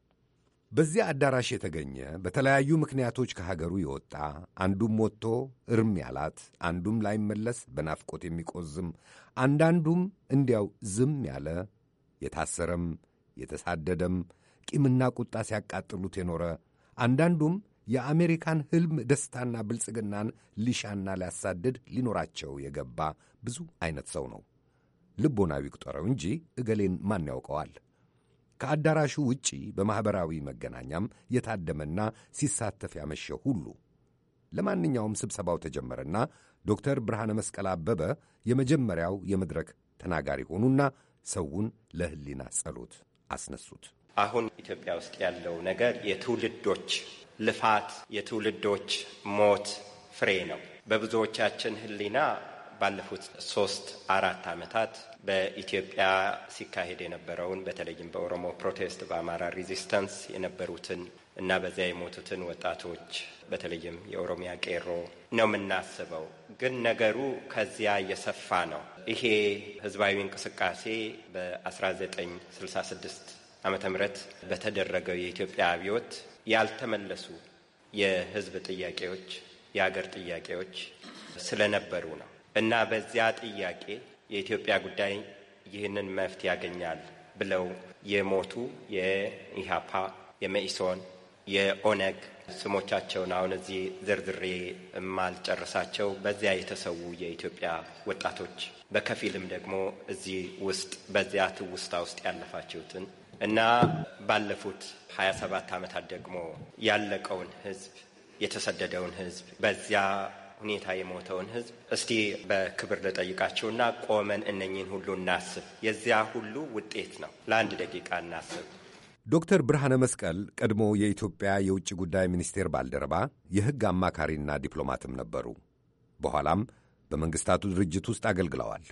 በዚያ አዳራሽ የተገኘ በተለያዩ ምክንያቶች ከሀገሩ የወጣ አንዱም ወጥቶ እርም ያላት፣ አንዱም ላይመለስ በናፍቆት የሚቆዝም፣ አንዳንዱም እንዲያው ዝም ያለ የታሰረም የተሳደደም ቂምና ቁጣ ሲያቃጥሉት የኖረ አንዳንዱም የአሜሪካን ሕልም ደስታና ብልጽግናን ሊሻና ሊያሳድድ ሊኖራቸው የገባ ብዙ አይነት ሰው ነው። ልቦናዊ ቁጠረው እንጂ እገሌን ማን ያውቀዋል? ከአዳራሹ ውጪ በማኅበራዊ መገናኛም የታደመና ሲሳተፍ ያመሸ ሁሉ ለማንኛውም ስብሰባው ተጀመረና ዶክተር ብርሃነ መስቀል አበበ የመጀመሪያው የመድረክ ተናጋሪ ሆኑና ሰውን ለሕሊና ጸሎት አስነሱት። አሁን ኢትዮጵያ ውስጥ ያለው ነገር የትውልዶች ልፋት፣ የትውልዶች ሞት ፍሬ ነው። በብዙዎቻችን ሕሊና ባለፉት ሶስት አራት ዓመታት በኢትዮጵያ ሲካሄድ የነበረውን በተለይም በኦሮሞ ፕሮቴስት በአማራ ሪዚስተንስ የነበሩትን እና በዚያ የሞቱትን ወጣቶች በተለይም የኦሮሚያ ቄሮ ነው የምናስበው። ግን ነገሩ ከዚያ እየሰፋ ነው። ይሄ ህዝባዊ እንቅስቃሴ በ1966 ዓ. ምህረት በተደረገው የኢትዮጵያ አብዮት ያልተመለሱ የህዝብ ጥያቄዎች፣ የሀገር ጥያቄዎች ስለነበሩ ነው። እና በዚያ ጥያቄ የኢትዮጵያ ጉዳይ ይህንን መፍትሄ ያገኛል ብለው የሞቱ የኢሃፓ፣ የመኢሶን፣ የኦነግ ስሞቻቸውን አሁን እዚህ ዝርዝሬ የማልጨርሳቸው በዚያ የተሰዉ የኢትዮጵያ ወጣቶች በከፊልም ደግሞ እዚህ ውስጥ በዚያ ትውስታ ውስጥ ያለፋችሁትን እና ባለፉት 27 ዓመታት ደግሞ ያለቀውን ህዝብ የተሰደደውን ህዝብ በዚያ ሁኔታ የሞተውን ህዝብ እስቲ በክብር ልጠይቃቸውና ቆመን እነኝን ሁሉ እናስብ። የዚያ ሁሉ ውጤት ነው። ለአንድ ደቂቃ እናስብ። ዶክተር ብርሃነ መስቀል ቀድሞ የኢትዮጵያ የውጭ ጉዳይ ሚኒስቴር ባልደረባ የሕግ አማካሪና ዲፕሎማትም ነበሩ። በኋላም በመንግሥታቱ ድርጅት ውስጥ አገልግለዋል።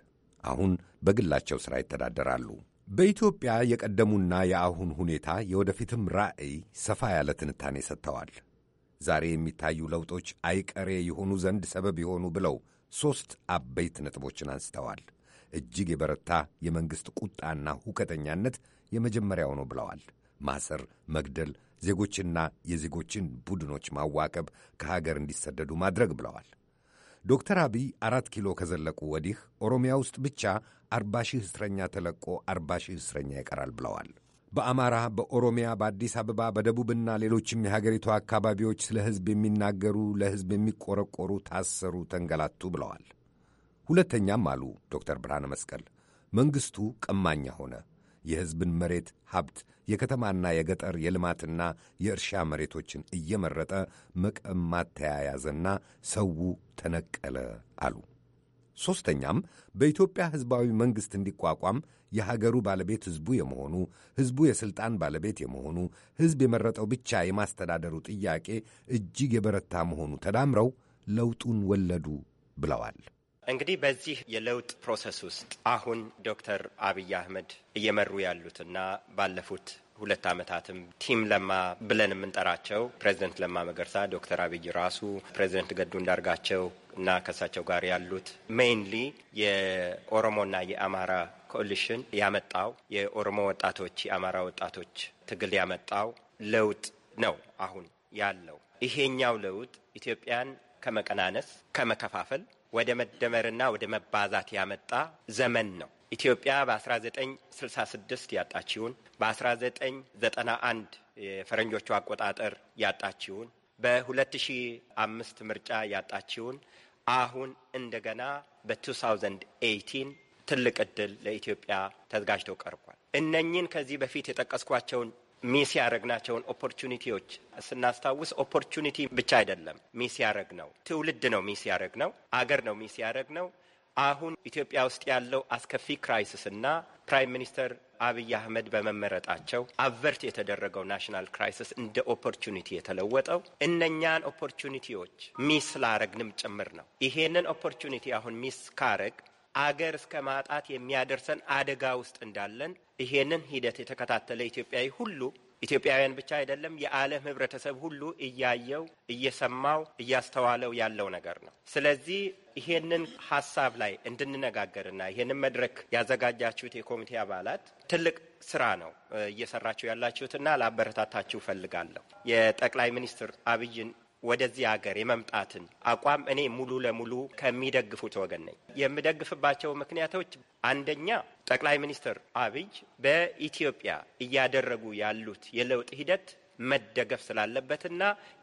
አሁን በግላቸው ሥራ ይተዳደራሉ። በኢትዮጵያ የቀደሙና የአሁን ሁኔታ የወደፊትም ራዕይ ሰፋ ያለ ትንታኔ ሰጥተዋል። ዛሬ የሚታዩ ለውጦች አይቀሬ የሆኑ ዘንድ ሰበብ የሆኑ ብለው ሦስት አበይት ነጥቦችን አንስተዋል። እጅግ የበረታ የመንግሥት ቁጣና ሁከተኛነት የመጀመሪያው ነው ብለዋል። ማሰር፣ መግደል፣ ዜጎችና የዜጎችን ቡድኖች ማዋከብ፣ ከሀገር እንዲሰደዱ ማድረግ ብለዋል። ዶክተር አብይ አራት ኪሎ ከዘለቁ ወዲህ ኦሮሚያ ውስጥ ብቻ አርባ ሺህ እስረኛ ተለቆ አርባ ሺህ እስረኛ ይቀራል ብለዋል። በአማራ፣ በኦሮሚያ፣ በአዲስ አበባ፣ በደቡብና ሌሎችም የሀገሪቱ አካባቢዎች ስለ ሕዝብ የሚናገሩ ለሕዝብ የሚቆረቆሩ ታሰሩ፣ ተንገላቱ ብለዋል። ሁለተኛም አሉ ዶክተር ብርሃነ መስቀል መንግሥቱ ቀማኛ ሆነ። የሕዝብን መሬት ሀብት፣ የከተማና የገጠር የልማትና የእርሻ መሬቶችን እየመረጠ መቀማት ተያያዘና ሰው ተነቀለ አሉ። ሦስተኛም በኢትዮጵያ ሕዝባዊ መንግሥት እንዲቋቋም የሀገሩ ባለቤት ሕዝቡ የመሆኑ ሕዝቡ የሥልጣን ባለቤት የመሆኑ ሕዝብ የመረጠው ብቻ የማስተዳደሩ ጥያቄ እጅግ የበረታ መሆኑ ተዳምረው ለውጡን ወለዱ ብለዋል። እንግዲህ በዚህ የለውጥ ፕሮሰስ ውስጥ አሁን ዶክተር አብይ አህመድ እየመሩ ያሉትና ባለፉት ሁለት ዓመታትም ቲም ለማ ብለን የምንጠራቸው ፕሬዚደንት ለማ መገርሳ፣ ዶክተር አብይ ራሱ፣ ፕሬዚደንት ገዱ እንዳርጋቸው እና ከእሳቸው ጋር ያሉት ሜይንሊ የኦሮሞና የአማራ ኮሊሽን ያመጣው የኦሮሞ ወጣቶች፣ የአማራ ወጣቶች ትግል ያመጣው ለውጥ ነው። አሁን ያለው ይሄኛው ለውጥ ኢትዮጵያን ከመቀናነስ ከመከፋፈል ወደ መደመርና ወደ መባዛት ያመጣ ዘመን ነው። ኢትዮጵያ በ1966 ያጣችውን በ1991 የፈረንጆቹ አቆጣጠር ያጣችውን በ2005 ምርጫ ያጣችውን አሁን እንደገና በ2018 ትልቅ እድል ለኢትዮጵያ ተዘጋጅቶ ቀርቧል። እነኚህን ከዚህ በፊት የጠቀስኳቸውን ሚስ ያረግናቸውን ኦፖርቹኒቲዎች ስናስታውስ ኦፖርቹኒቲ ብቻ አይደለም ሚስ ያረግ ነው። ትውልድ ነው ሚስ ያረግ ነው። አገር ነው ሚስ ያረግ ነው። አሁን ኢትዮጵያ ውስጥ ያለው አስከፊ ክራይሲስ እና ፕራይም ሚኒስተር አብይ አህመድ በመመረጣቸው አቨርት የተደረገው ናሽናል ክራይሲስ እንደ ኦፖርቹኒቲ የተለወጠው እነኛን ኦፖርቹኒቲዎች ሚስ ላረግንም ጭምር ነው። ይሄንን ኦፖርቹኒቲ አሁን ሚስ ካረግ አገር እስከ ማጣት የሚያደርሰን አደጋ ውስጥ እንዳለን ይሄንን ሂደት የተከታተለ ኢትዮጵያዊ ሁሉ ኢትዮጵያውያን ብቻ አይደለም፣ የዓለም ህብረተሰብ ሁሉ እያየው እየሰማው እያስተዋለው ያለው ነገር ነው። ስለዚህ ይሄንን ሀሳብ ላይ እንድንነጋገርና ይሄንን መድረክ ያዘጋጃችሁት የኮሚቴ አባላት ትልቅ ስራ ነው እየሰራችሁ ያላችሁትና ላበረታታችሁ ፈልጋለሁ። የጠቅላይ ሚኒስትር አብይን ወደዚህ ሀገር የመምጣትን አቋም እኔ ሙሉ ለሙሉ ከሚደግፉት ወገን ነኝ። የምደግፍባቸው ምክንያቶች አንደኛ ጠቅላይ ሚኒስትር አብይ በኢትዮጵያ እያደረጉ ያሉት የለውጥ ሂደት መደገፍ ስላለበትና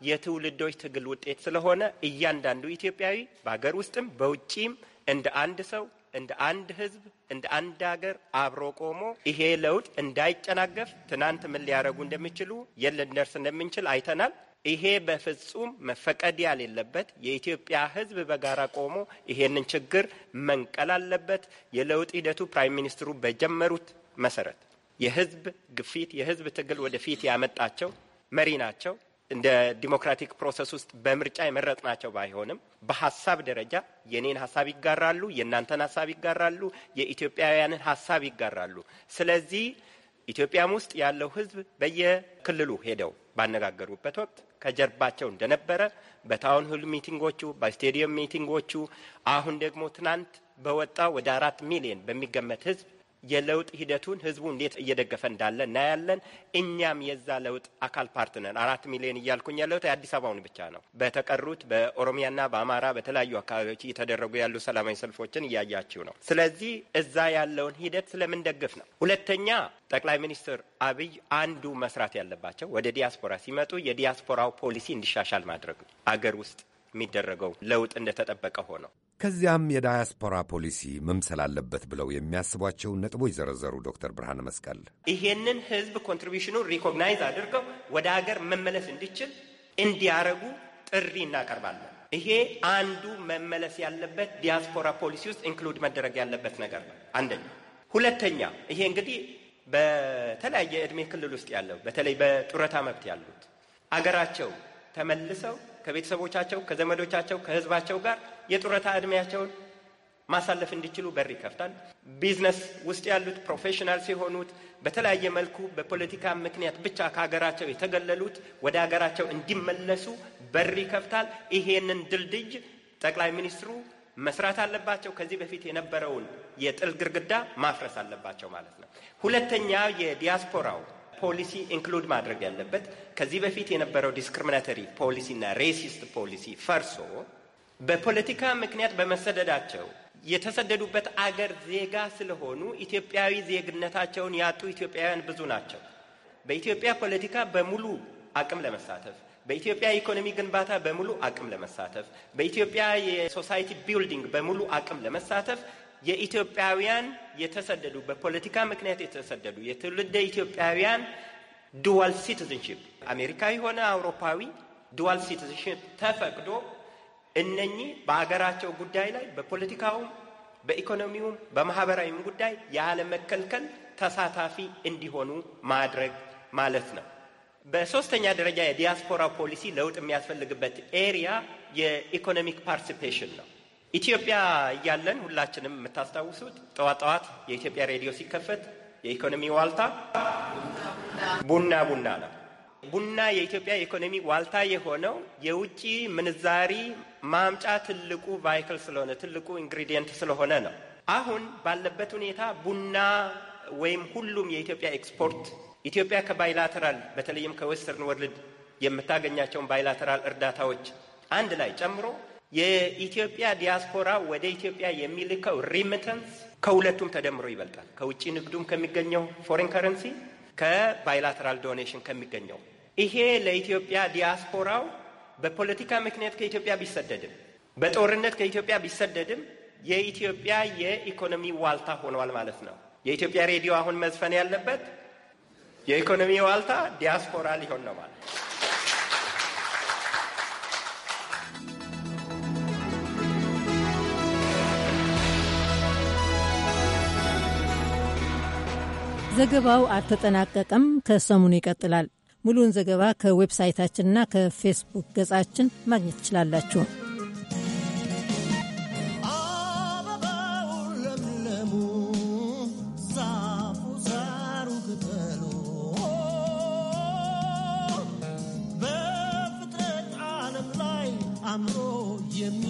የትውልዶች ትግል ውጤት ስለሆነ እያንዳንዱ ኢትዮጵያዊ በሀገር ውስጥም በውጪም እንደ አንድ ሰው እንደ አንድ ሕዝብ እንደ አንድ ሀገር አብሮ ቆሞ ይሄ ለውጥ እንዳይጨናገፍ ትናንት ምን ሊያደርጉ እንደሚችሉ የት እንደምንችል አይተናል። ይሄ በፍጹም መፈቀድ ያሌለበት የኢትዮጵያ ሕዝብ በጋራ ቆሞ ይሄንን ችግር መንቀል አለበት። የለውጥ ሂደቱ ፕራይም ሚኒስትሩ በጀመሩት መሰረት የሕዝብ ግፊት፣ የሕዝብ ትግል ወደፊት ያመጣቸው መሪ ናቸው። እንደ ዲሞክራቲክ ፕሮሰስ ውስጥ በምርጫ የመረጥናቸው ባይሆንም በሀሳብ ደረጃ የኔን ሀሳብ ይጋራሉ፣ የእናንተን ሀሳብ ይጋራሉ፣ የኢትዮጵያውያንን ሀሳብ ይጋራሉ። ስለዚህ ኢትዮጵያም ውስጥ ያለው ሕዝብ በየክልሉ ሄደው ባነጋገሩበት ወቅት ከጀርባቸው እንደነበረ በታውን ሁል ሚቲንጎቹ፣ በስቴዲየም ሚቲንጎቹ አሁን ደግሞ ትናንት በወጣው ወደ አራት ሚሊዮን በሚገመት ህዝብ የለውጥ ሂደቱን ህዝቡ እንዴት እየደገፈ እንዳለ እናያለን። እኛም የዛ ለውጥ አካል ፓርት ነን። አራት ሚሊዮን እያልኩኝ ያለሁት የአዲስ አበባውን ብቻ ነው። በተቀሩት በኦሮሚያና በአማራ በተለያዩ አካባቢዎች እየተደረጉ ያሉ ሰላማዊ ሰልፎችን እያያችሁ ነው። ስለዚህ እዛ ያለውን ሂደት ስለምንደግፍ ነው። ሁለተኛ ጠቅላይ ሚኒስትር አብይ አንዱ መስራት ያለባቸው ወደ ዲያስፖራ ሲመጡ የዲያስፖራው ፖሊሲ እንዲሻሻል ማድረግ ነው። አገር ውስጥ የሚደረገው ለውጥ እንደተጠበቀ ሆነው ከዚያም የዳያስፖራ ፖሊሲ መምሰል አለበት ብለው የሚያስቧቸውን ነጥቦች ዘረዘሩ። ዶክተር ብርሃነ መስቀል ይሄንን ህዝብ ኮንትሪቢሽኑ ሪኮግናይዝ አድርገው ወደ ሀገር መመለስ እንዲችል እንዲያረጉ ጥሪ እናቀርባለን። ይሄ አንዱ መመለስ ያለበት ዲያስፖራ ፖሊሲ ውስጥ ኢንክሉድ መደረግ ያለበት ነገር ነው። አንደኛ። ሁለተኛ ይሄ እንግዲህ በተለያየ ዕድሜ ክልል ውስጥ ያለው በተለይ በጡረታ መብት ያሉት አገራቸው ተመልሰው ከቤተሰቦቻቸው፣ ከዘመዶቻቸው፣ ከህዝባቸው ጋር የጡረታ ዕድሜያቸውን ማሳለፍ እንዲችሉ በር ይከፍታል። ቢዝነስ ውስጥ ያሉት ፕሮፌሽናል ሲሆኑት በተለያየ መልኩ በፖለቲካ ምክንያት ብቻ ከሀገራቸው የተገለሉት ወደ ሀገራቸው እንዲመለሱ በር ይከፍታል። ይሄንን ድልድይ ጠቅላይ ሚኒስትሩ መስራት አለባቸው። ከዚህ በፊት የነበረውን የጥል ግርግዳ ማፍረስ አለባቸው ማለት ነው። ሁለተኛ የዲያስፖራው ፖሊሲ ኢንክሉድ ማድረግ ያለበት ከዚህ በፊት የነበረው ዲስክሪሚናተሪ ፖሊሲና ሬሲስት ፖሊሲ ፈርሶ በፖለቲካ ምክንያት በመሰደዳቸው የተሰደዱበት አገር ዜጋ ስለሆኑ ኢትዮጵያዊ ዜግነታቸውን ያጡ ኢትዮጵያውያን ብዙ ናቸው። በኢትዮጵያ ፖለቲካ በሙሉ አቅም ለመሳተፍ በኢትዮጵያ የኢኮኖሚ ግንባታ በሙሉ አቅም ለመሳተፍ በኢትዮጵያ የሶሳይቲ ቢልዲንግ በሙሉ አቅም ለመሳተፍ የኢትዮጵያውያን የተሰደዱ በፖለቲካ ምክንያት የተሰደዱ የትውልደ ኢትዮጵያውያን ዱዋል ሲቲዝንሺፕ አሜሪካዊ ሆነ አውሮፓዊ ዱዋል ሲቲዝንሺፕ ተፈቅዶ እነኚህ በሀገራቸው ጉዳይ ላይ በፖለቲካውም በኢኮኖሚውም በማህበራዊም ጉዳይ ያለ መከልከል ተሳታፊ እንዲሆኑ ማድረግ ማለት ነው። በሶስተኛ ደረጃ የዲያስፖራ ፖሊሲ ለውጥ የሚያስፈልግበት ኤሪያ የኢኮኖሚክ ፓርቲሲፔሽን ነው። ኢትዮጵያ እያለን ሁላችንም የምታስታውሱት ጠዋት ጠዋት የኢትዮጵያ ሬዲዮ ሲከፈት የኢኮኖሚ ዋልታ ቡና ቡና ነው። ቡና የኢትዮጵያ ኢኮኖሚ ዋልታ የሆነው የውጭ ምንዛሪ ማምጫ ትልቁ ቫይክል ስለሆነ ትልቁ ኢንግሪዲየንት ስለሆነ ነው። አሁን ባለበት ሁኔታ ቡና ወይም ሁሉም የኢትዮጵያ ኤክስፖርት ኢትዮጵያ ከባይላተራል በተለይም ከዌስተርን ወርልድ የምታገኛቸውን ባይላተራል እርዳታዎች አንድ ላይ ጨምሮ የኢትዮጵያ ዲያስፖራ ወደ ኢትዮጵያ የሚልከው ሪሚተንስ ከሁለቱም ተደምሮ ይበልጣል። ከውጭ ንግዱም ከሚገኘው ፎሬን ከረንሲ ከባይላተራል ዶኔሽን ከሚገኘው ይሄ ለኢትዮጵያ ዲያስፖራው በፖለቲካ ምክንያት ከኢትዮጵያ ቢሰደድም በጦርነት ከኢትዮጵያ ቢሰደድም የኢትዮጵያ የኢኮኖሚ ዋልታ ሆኗል ማለት ነው። የኢትዮጵያ ሬዲዮ አሁን መዝፈን ያለበት የኢኮኖሚ ዋልታ ዲያስፖራ ሊሆን ነው ማለት ነው። ዘገባው አልተጠናቀቀም፣ ከሰሙን ይቀጥላል። ሙሉውን ዘገባ ከዌብሳይታችንና ከፌስቡክ ገጻችን ማግኘት ትችላላችሁ። አምሮ የሚ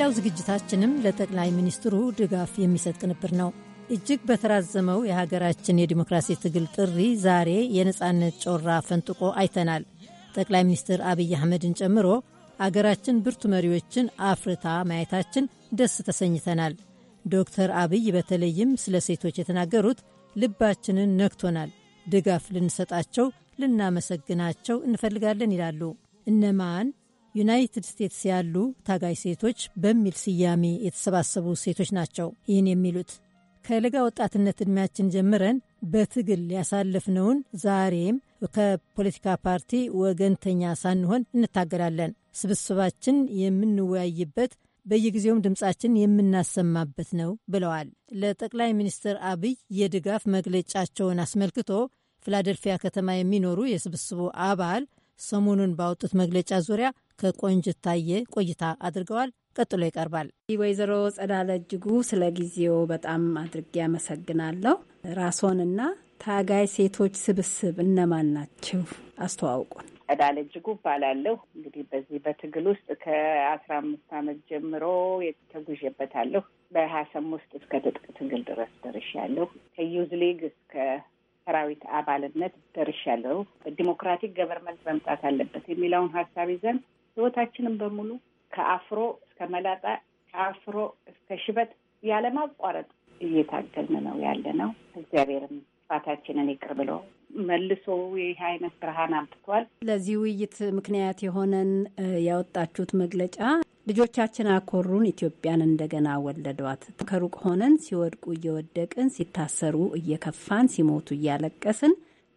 ሌላው ዝግጅታችንም ለጠቅላይ ሚኒስትሩ ድጋፍ የሚሰጥ ቅንብር ነው። እጅግ በተራዘመው የሀገራችን የዲሞክራሲ ትግል ጥሪ ዛሬ የነፃነት ጮራ ፈንጥቆ አይተናል። ጠቅላይ ሚኒስትር አብይ አህመድን ጨምሮ አገራችን ብርቱ መሪዎችን አፍርታ ማየታችን ደስ ተሰኝተናል። ዶክተር አብይ በተለይም ስለ ሴቶች የተናገሩት ልባችንን ነክቶናል። ድጋፍ ልንሰጣቸው፣ ልናመሰግናቸው እንፈልጋለን ይላሉ። እነማን ዩናይትድ ስቴትስ ያሉ ታጋይ ሴቶች በሚል ስያሜ የተሰባሰቡ ሴቶች ናቸው። ይህን የሚሉት ከለጋ ወጣትነት ዕድሜያችን ጀምረን በትግል ያሳለፍነውን ዛሬም ከፖለቲካ ፓርቲ ወገንተኛ ሳንሆን እንታገላለን። ስብስባችን የምንወያይበት በየጊዜውም ድምፃችን የምናሰማበት ነው ብለዋል። ለጠቅላይ ሚኒስትር አብይ የድጋፍ መግለጫቸውን አስመልክቶ ፊላደልፊያ ከተማ የሚኖሩ የስብስቡ አባል ሰሞኑን ባወጡት መግለጫ ዙሪያ ከቆንጅት ታየ ቆይታ አድርገዋል። ቀጥሎ ይቀርባል። ወይዘሮ ጸዳለ እጅጉ ስለ ጊዜው በጣም አድርጌ አመሰግናለሁ። ራስዎንና ታጋይ ሴቶች ስብስብ እነማን ናቸው? አስተዋውቁን። ጸዳለ እጅጉ እባላለሁ። እንግዲህ በዚህ በትግል ውስጥ ከአስራ አምስት ዓመት ጀምሮ ተጉዤበታለሁ። በሀሰም ውስጥ እስከ ትጥቅ ትግል ድረስ ደርሻለሁ። ከዩዝ ሊግ እስከ ሰራዊት አባልነት ደርሻለሁ፣ ዲሞክራቲክ ገቨርንመንት መምጣት አለበት የሚለውን ሀሳብ ይዘን ህይወታችንን በሙሉ ከአፍሮ እስከ መላጣ ከአፍሮ እስከ ሽበት ያለማቋረጥ እየታገልን ነው ያለ ነው። እግዚአብሔርም ጥፋታችንን ይቅር ብሎ መልሶ ይህ አይነት ብርሃን አምጥቷል። ለዚህ ውይይት ምክንያት የሆነን ያወጣችሁት መግለጫ ልጆቻችን አኮሩን፣ ኢትዮጵያን እንደገና ወለዷት። ከሩቅ ሆነን ሲወድቁ እየወደቅን፣ ሲታሰሩ እየከፋን፣ ሲሞቱ እያለቀስን፣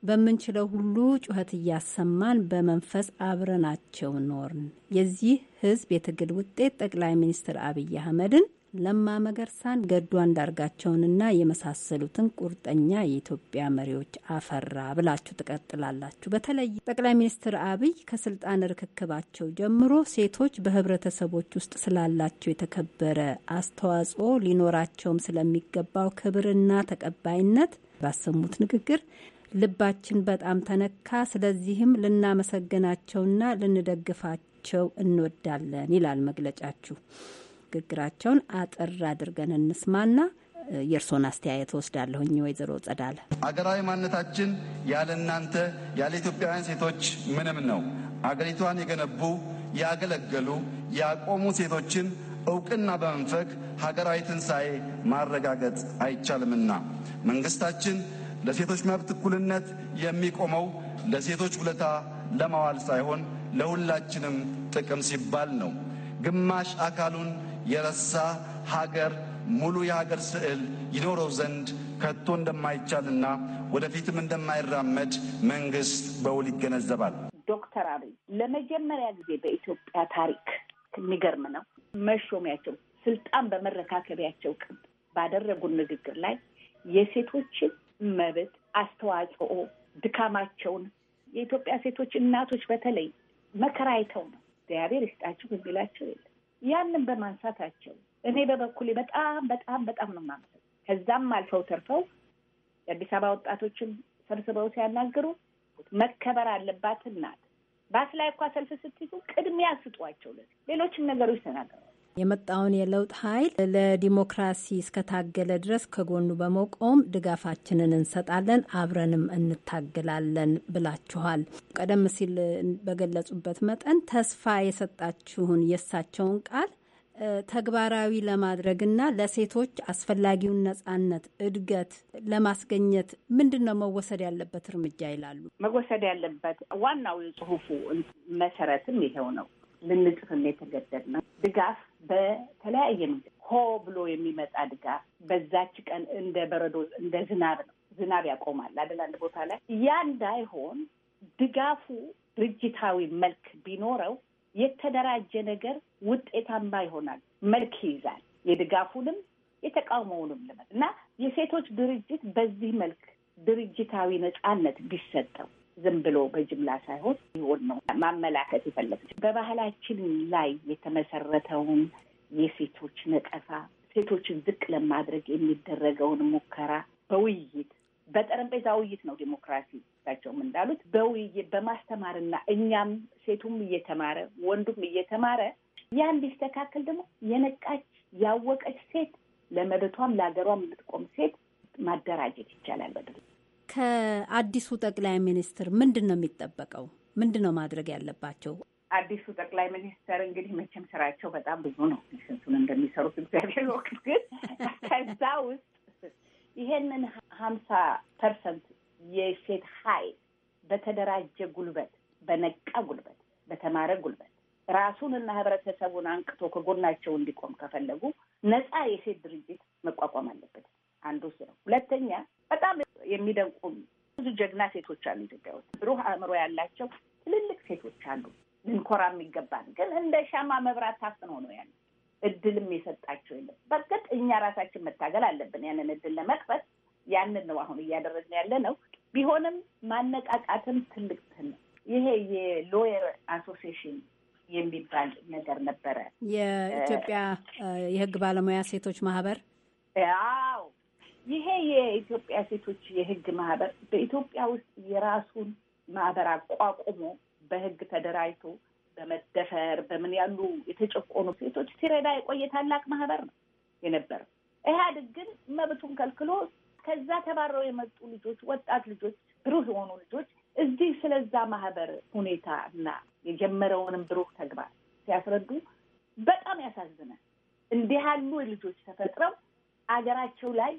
በምንችለው ሁሉ ጩኸት እያሰማን በመንፈስ አብረናቸው ኖርን። የዚህ ህዝብ የትግል ውጤት ጠቅላይ ሚኒስትር አብይ አህመድን ለማ መገርሳን፣ ገዱ አንዳርጋቸውንና የመሳሰሉትን ቁርጠኛ የኢትዮጵያ መሪዎች አፈራ ብላችሁ ትቀጥላላችሁ። በተለይ ጠቅላይ ሚኒስትር አብይ ከስልጣን ርክክባቸው ጀምሮ ሴቶች በህብረተሰቦች ውስጥ ስላላቸው የተከበረ አስተዋጽኦ ሊኖራቸውም ስለሚገባው ክብርና ተቀባይነት ባሰሙት ንግግር ልባችን በጣም ተነካ። ስለዚህም ልናመሰግናቸውና ልንደግፋቸው እንወዳለን ይላል መግለጫችሁ። ንግግራቸውን አጠር አድርገን እንስማና የእርስዎን አስተያየት ወስዳለሁኝ። ወይዘሮ ጸዳለ አገራዊ ማንነታችን ያለ እናንተ ያለ ኢትዮጵያውያን ሴቶች ምንም ነው። አገሪቷን የገነቡ ያገለገሉ፣ ያቆሙ ሴቶችን እውቅና በመንፈግ ሀገራዊ ትንሣኤ ማረጋገጥ አይቻልምና መንግስታችን ለሴቶች መብት እኩልነት የሚቆመው ለሴቶች ውለታ ለማዋል ሳይሆን ለሁላችንም ጥቅም ሲባል ነው። ግማሽ አካሉን የረሳ ሀገር ሙሉ የሀገር ስዕል ይኖረው ዘንድ ከቶ እንደማይቻልና ወደፊትም እንደማይራመድ መንግስት በውል ይገነዘባል። ዶክተር አብይ ለመጀመሪያ ጊዜ በኢትዮጵያ ታሪክ የሚገርም ነው መሾሚያቸው ስልጣን በመረካከቢያቸው ቀን ባደረጉን ንግግር ላይ የሴቶችን መብት አስተዋጽኦ፣ ድካማቸውን የኢትዮጵያ ሴቶች እናቶች በተለይ መከራ አይተው ነው እግዚአብሔር ይስጣችሁ የሚላቸው የለም። ያንን በማንሳታቸው እኔ በበኩሌ በጣም በጣም በጣም ነው የማመሰግነው። ከዛም አልፈው ተርፈው የአዲስ አበባ ወጣቶችን ሰብስበው ሲያናግሩ መከበር አለባት እናት ባስ ላይ እኳ ሰልፍ ስትይዙ ቅድሚያ ስጧቸው፣ ሌሎችን ነገሮች ተናገሩ። የመጣውን የለውጥ ኃይል ለዲሞክራሲ እስከታገለ ድረስ ከጎኑ በመቆም ድጋፋችንን እንሰጣለን፣ አብረንም እንታግላለን ብላችኋል። ቀደም ሲል በገለጹበት መጠን ተስፋ የሰጣችሁን የእሳቸውን ቃል ተግባራዊ ለማድረግና ለሴቶች አስፈላጊውን ነጻነት፣ እድገት ለማስገኘት ምንድን ነው መወሰድ ያለበት እርምጃ ይላሉ? መወሰድ ያለበት ዋናው የጽሁፉ መሰረትም ይሄው ነው። ልንጽፍም ነው ድጋፍ በተለያየ መንገድ ሆ ብሎ የሚመጣ ድጋፍ በዛች ቀን እንደ በረዶ እንደ ዝናብ ነው። ዝናብ ያቆማል አይደል? አንድ ቦታ ላይ ያ እንዳይሆን ድጋፉ ድርጅታዊ መልክ ቢኖረው የተደራጀ ነገር ውጤታማ ይሆናል፣ መልክ ይይዛል። የድጋፉንም የተቃውሞውንም ልመት እና የሴቶች ድርጅት በዚህ መልክ ድርጅታዊ ነጻነት ቢሰጠው ዝም ብሎ በጅምላ ሳይሆን ይሆን ነው ማመላከት የፈለገች በባህላችን ላይ የተመሰረተውን የሴቶች ነቀፋ፣ ሴቶችን ዝቅ ለማድረግ የሚደረገውን ሙከራ በውይይት በጠረጴዛ ውይይት ነው ዲሞክራሲ እሳቸውም እንዳሉት በውይይት በማስተማርና እኛም ሴቱም እየተማረ ወንዱም እየተማረ ያን ሊስተካከል ደግሞ የነቃች ያወቀች ሴት ለመብቷም ለሀገሯም የምትቆም ሴት ማደራጀት ይቻላል። በድር ከአዲሱ ጠቅላይ ሚኒስትር ምንድን ነው የሚጠበቀው? ምንድን ነው ማድረግ ያለባቸው? አዲሱ ጠቅላይ ሚኒስትር እንግዲህ መቼም ስራቸው በጣም ብዙ ነው። ስንቱን እንደሚሰሩት እግዚአብሔር ወቅት ግን ከዛ ውስጥ ይሄንን ሀምሳ ፐርሰንት የሴት ኃይል በተደራጀ ጉልበት፣ በነቃ ጉልበት፣ በተማረ ጉልበት እና ህብረተሰቡን አንቅቶ ከጎናቸው እንዲቆም ከፈለጉ ነፃ የሴት ድርጅት መቋቋም አለበት። አንዱ ነው። ሁለተኛ በጣም የሚደንቁ ብዙ ጀግና ሴቶች አሉ ኢትዮጵያ ውስጥ። ብሩህ አእምሮ ያላቸው ትልልቅ ሴቶች አሉ፣ ልንኮራ የሚገባን ግን እንደ ሻማ መብራት ታፍኖ ነው ያለ። እድልም የሰጣቸው የለም። በእርግጥ እኛ ራሳችን መታገል አለብን ያንን እድል ለመቅፈት። ያንን ነው አሁን እያደረግን ያለ ነው። ቢሆንም ማነቃቃትም ትልቅ ነው። ይሄ የሎየር አሶሲሽን የሚባል ነገር ነበረ፣ የኢትዮጵያ የህግ ባለሙያ ሴቶች ማህበር። አዎ ይሄ የኢትዮጵያ ሴቶች የህግ ማህበር በኢትዮጵያ ውስጥ የራሱን ማህበር አቋቁሞ በህግ ተደራጅቶ በመደፈር በምን ያሉ የተጨቆኑ ሴቶች ሲረዳ የቆየ ታላቅ ማህበር ነው የነበረው። ኢህአዴግ ግን መብቱን ከልክሎ ከዛ ተባረው የመጡ ልጆች፣ ወጣት ልጆች፣ ብሩህ የሆኑ ልጆች እዚህ ስለዛ ማህበር ሁኔታ እና የጀመረውንም ብሩህ ተግባር ሲያስረዱ በጣም ያሳዝናል። እንዲህ ያሉ ልጆች ተፈጥረው አገራቸው ላይ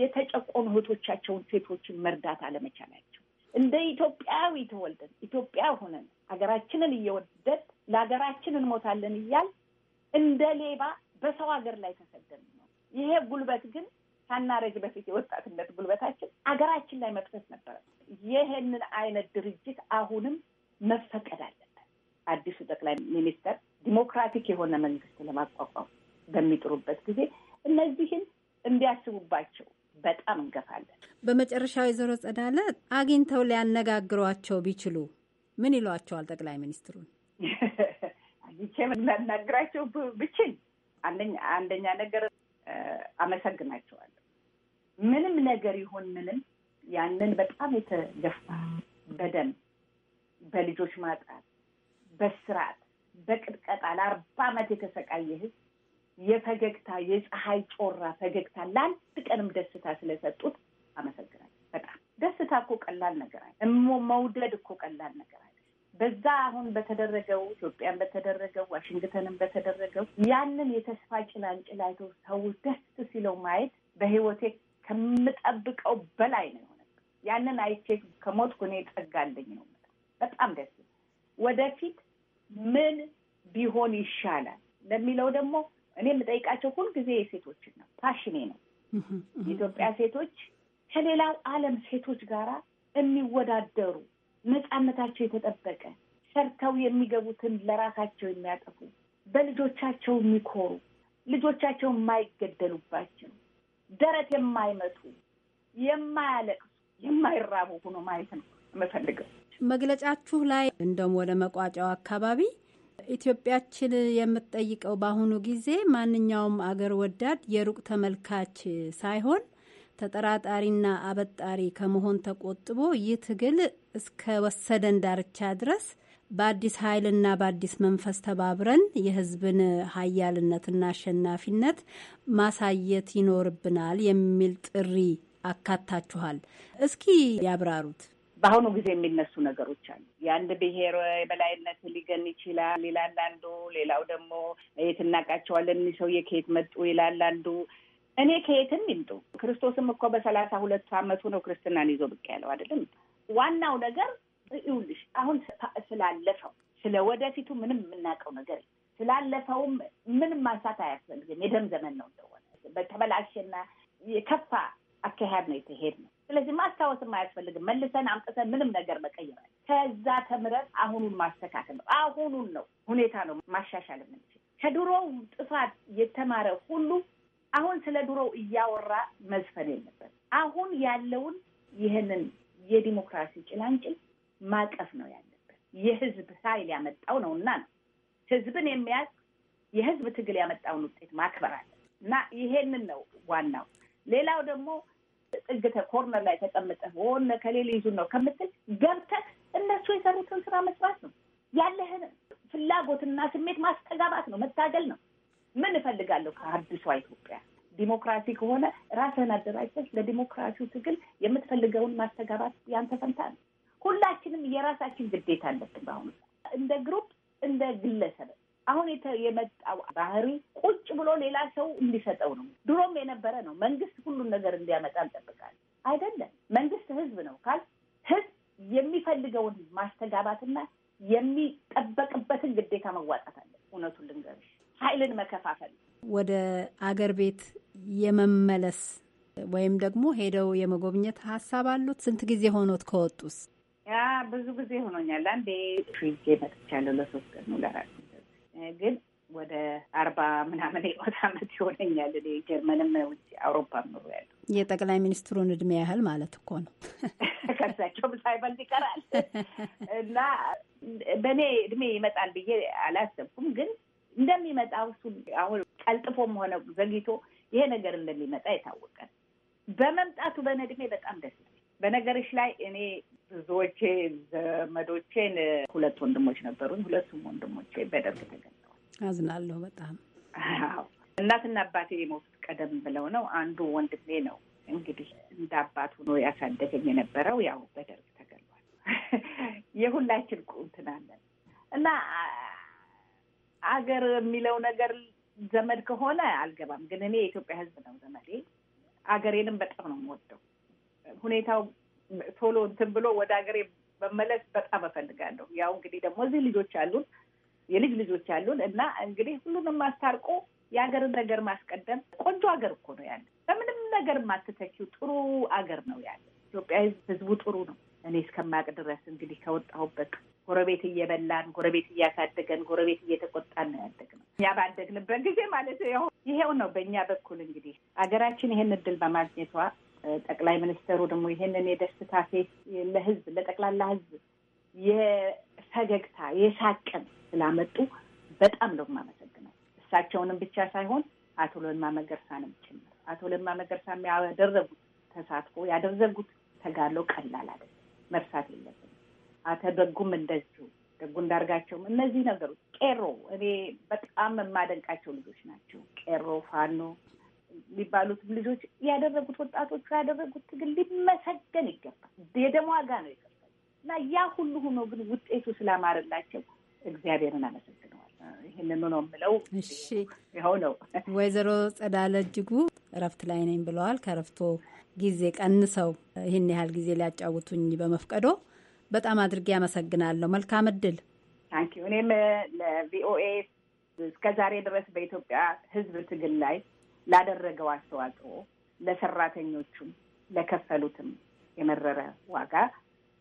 የተጨቆኑ እህቶቻቸውን ሴቶችን መርዳት አለመቻላቸው እንደ ኢትዮጵያዊ ተወልደን ኢትዮጵያ ሆነን ሀገራችንን እየወደድ ለሀገራችን እንሞታለን እያል እንደ ሌባ በሰው ሀገር ላይ ተሰደን ነው። ይሄ ጉልበት ግን ሳናረጅ በፊት የወጣትነት ጉልበታችን ሀገራችን ላይ መጥፈት ነበረ። ይህንን አይነት ድርጅት አሁንም መፈቀድ አለበት። አዲሱ ጠቅላይ ሚኒስተር ዲሞክራቲክ የሆነ መንግስት ለማቋቋም በሚጥሩበት ጊዜ እነዚህን እንዲያስቡባቸው በጣም እንገፋለን። በመጨረሻ ወይዘሮ ጸዳለ አግኝተው ሊያነጋግሯቸው ቢችሉ ምን ይሏቸዋል? ጠቅላይ ሚኒስትሩን አግኝቼ ላናግራቸው ብችል አንደኛ ነገር አመሰግናቸዋለሁ። ምንም ነገር ይሁን ምንም ያንን በጣም የተገፋ በደም በልጆች ማጣት፣ በስርዓት፣ በቅጥቀጣ ለአርባ ዓመት የተሰቃየ ህዝብ የፈገግታ የፀሐይ ጮራ ፈገግታ ለአንድ ቀንም ደስታ ስለሰጡት አመሰግናለሁ። በጣም ደስታ እኮ ቀላል ነገር እሞ መውደድ እኮ ቀላል ነገር አለ። በዛ አሁን በተደረገው ኢትዮጵያን በተደረገው ዋሽንግተንን በተደረገው ያንን የተስፋ ጭላንጭል አይቶ ሰው ደስ ሲለው ማየት በህይወቴ ከምጠብቀው በላይ ነው የሆነ። ያንን አይቼ ከሞትኩ እኔ ጠጋለኝ ነው። በጣም ደስ ወደፊት ምን ቢሆን ይሻላል ለሚለው ደግሞ እኔ የምጠይቃቸው ሁልጊዜ የሴቶችን ነው። ፓሽኔ ነው። የኢትዮጵያ ሴቶች ከሌላ ዓለም ሴቶች ጋራ የሚወዳደሩ ነፃነታቸው የተጠበቀ ሰርተው የሚገቡትን ለራሳቸው የሚያጠፉ በልጆቻቸው የሚኮሩ ልጆቻቸው የማይገደሉባቸው ደረት የማይመቱ የማያለቅሱ የማይራቡ ሆኖ ማየት ነው የምፈልገው። መግለጫችሁ ላይ እንደውም ወደ መቋጫው አካባቢ ኢትዮጵያችን የምትጠይቀው በአሁኑ ጊዜ ማንኛውም አገር ወዳድ የሩቅ ተመልካች ሳይሆን ተጠራጣሪና አበጣሪ ከመሆን ተቆጥቦ ይህ ትግል እስከ ወሰደን ዳርቻ ድረስ በአዲስ ኃይልና በአዲስ መንፈስ ተባብረን የሕዝብን ሀያልነትና አሸናፊነት ማሳየት ይኖርብናል የሚል ጥሪ አካታችኋል። እስኪ ያብራሩት። በአሁኑ ጊዜ የሚነሱ ነገሮች አሉ። የአንድ ብሔር የበላይነት ሊገን ይችላል ይላል አንዱ። ሌላው ደግሞ የት እናቃቸዋለን እኒህ ሰውዬ ከየት መጡ ይላል አንዱ። እኔ ከየትም ይምጡ ክርስቶስም እኮ በሰላሳ ሁለት አመቱ ነው ክርስትናን ይዞ ብቅ ያለው አይደለም። ዋናው ነገር ይኸውልሽ አሁን ስላለፈው ስለ ወደፊቱ ምንም የምናውቀው ነገር ስላለፈውም ምንም ማንሳት አያስፈልግም። የደም ዘመን ነው እንደሆነ በተበላሸና የከፋ አካሄድ ነው የተሄድ ነው። ስለዚህ ማስታወስም አያስፈልግም። መልሰን አምጥተን ምንም ነገር መቀየር ከዛ ተምረን አሁኑን ማስተካከል ነው። አሁኑን ነው ሁኔታ ነው ማሻሻል የምንችል። ከድሮው ጥፋት የተማረ ሁሉ አሁን ስለ ድሮው እያወራ መዝፈን የለበት። አሁን ያለውን ይህንን የዲሞክራሲ ጭላንጭል ማቀፍ ነው ያለበት። የህዝብ ኃይል ያመጣው ነው እና ነው ህዝብን የሚያዝ የህዝብ ትግል ያመጣውን ውጤት ማክበር አለ እና ይሄንን ነው ዋናው። ሌላው ደግሞ ጥግ ኮርነር ላይ ተቀምጠህ ሆነ ከሌለ ይዙን ነው ከምትል ገብተህ እነሱ የሰሩትን ስራ መስራት ነው። ያለህን ፍላጎትና ስሜት ማስተጋባት ነው፣ መታገል ነው። ምን እፈልጋለሁ ከአዲሷ ኢትዮጵያ ዲሞክራሲ ከሆነ ራስህን አደራጅተህ ለዲሞክራሲው ትግል የምትፈልገውን ማስተጋባት ያንተ ፈንታ ነው። ሁላችንም የራሳችን ግዴታ አለብን። በአሁኑ እንደ ግሩፕ እንደ ግለሰብ አሁን የመጣው ባህሪ ቁጭ ብሎ ሌላ ሰው እንዲሰጠው ነው። ድሮም የነበረ ነው። መንግስት ሁሉን ነገር እንዲያመጣ እንጠብቃለን። አይደለም። መንግስት ህዝብ ነው ካል ህዝብ የሚፈልገውን ማስተጋባትና የሚጠበቅበትን ግዴታ መዋጣት አለ። እውነቱን ልንገርሽ፣ ኃይልን መከፋፈል ወደ አገር ቤት የመመለስ ወይም ደግሞ ሄደው የመጎብኘት ሀሳብ አሉት? ስንት ጊዜ ሆኖት ከወጡስ? ያ ብዙ ጊዜ ሆኖኛል። አንዴ ጊዜ መጥቻለሁ። ለሶስት ቀን ነው ለራሱ ግን ወደ አርባ ምናምን የወት አመት ይሆነኛል። ጀርመንም ውጭ አውሮፓ ምሩ ያለ የጠቅላይ ሚኒስትሩን እድሜ ያህል ማለት እኮ ነው። ከእሳቸውም ሳይበልጥ ይቀራል እና በእኔ እድሜ ይመጣል ብዬ አላሰብኩም። ግን እንደሚመጣ እሱ አሁን ቀልጥፎም ሆነ ዘግይቶ ይሄ ነገር እንደሚመጣ የታወቀ በመምጣቱ በእኔ እድሜ በጣም ደስ በነገርሽ ላይ እኔ ብዙዎቼ ዘመዶቼን ሁለት ወንድሞች ነበሩኝ። ሁለቱም ወንድሞቼ በደርግ ተገለዋል። አዝናለሁ በጣም አዎ። እናትና አባቴ የሞቱት ቀደም ብለው ነው። አንዱ ወንድሜ ነው እንግዲህ እንደ አባት ሆኖ ያሳደገኝ የነበረው ያው በደርግ ተገሏል። የሁላችን ቁምትናለን እና አገር የሚለው ነገር ዘመድ ከሆነ አልገባም፣ ግን እኔ የኢትዮጵያ ሕዝብ ነው ዘመዴ። አገሬንም በጣም ነው የምወደው። ሁኔታው ቶሎ እንትን ብሎ ወደ ሀገሬ መመለስ በጣም እፈልጋለሁ። ያው እንግዲህ ደግሞ እዚህ ልጆች አሉን፣ የልጅ ልጆች አሉን እና እንግዲህ ሁሉንም ማስታርቆ የሀገርን ነገር ማስቀደም። ቆንጆ ሀገር እኮ ነው ያለ፣ በምንም ነገር ማትተኪው ጥሩ አገር ነው ያለ። ኢትዮጵያ ህዝቡ ጥሩ ነው። እኔ እስከማቅ ድረስ እንግዲህ ከወጣሁበት ጎረቤት እየበላን ጎረቤት እያሳደገን ጎረቤት እየተቆጣን ነው ያደግነው። እኛ ባደግንበት ጊዜ ማለት ይኸው ነው። በእኛ በኩል እንግዲህ አገራችን ይሄን እድል በማግኘቷ ጠቅላይ ሚኒስትሩ ደግሞ ይህንን የደስታ ፌስ ለህዝብ ለጠቅላላ ህዝብ የፈገግታ የሳቅን ስላመጡ በጣም ነው የማመሰግነው። እሳቸውንም ብቻ ሳይሆን አቶ ለማ መገርሳንም ጭምር። አቶ ለማ መገርሳ ያደረጉት ተሳትፎ ያደረጉት ተጋድሎ ቀላል አይደለም፣ መርሳት የለብንም። አቶ ደጉም እንደዚሁ ደጉ እንዳርጋቸውም እነዚህ ነገሮች ቄሮ እኔ በጣም የማደንቃቸው ልጆች ናቸው። ቄሮ ፋኖ የሚባሉት ልጆች ያደረጉት ወጣቶቹ ያደረጉት ትግል ሊመሰገን ይገባል። የደም ዋጋ ነው የከፈሉት እና ያ ሁሉ ሆኖ ግን ውጤቱ ስላማረላቸው እግዚአብሔርን አመሰግነዋል። ይህንን ነው የምለው። እሺ፣ ይኸው ነው። ወይዘሮ ጸዳለ እጅጉ እረፍት ላይ ነኝ ብለዋል። ከረፍቶ ጊዜ ቀንሰው ይህን ያህል ጊዜ ሊያጫውቱኝ በመፍቀዶ በጣም አድርጌ ያመሰግናለሁ። መልካም እድል። ታንኪዩ። እኔም ለቪኦኤ እስከ ዛሬ ድረስ በኢትዮጵያ ሕዝብ ትግል ላይ ላደረገው አስተዋጽኦ ለሰራተኞቹም ለከፈሉትም የመረረ ዋጋ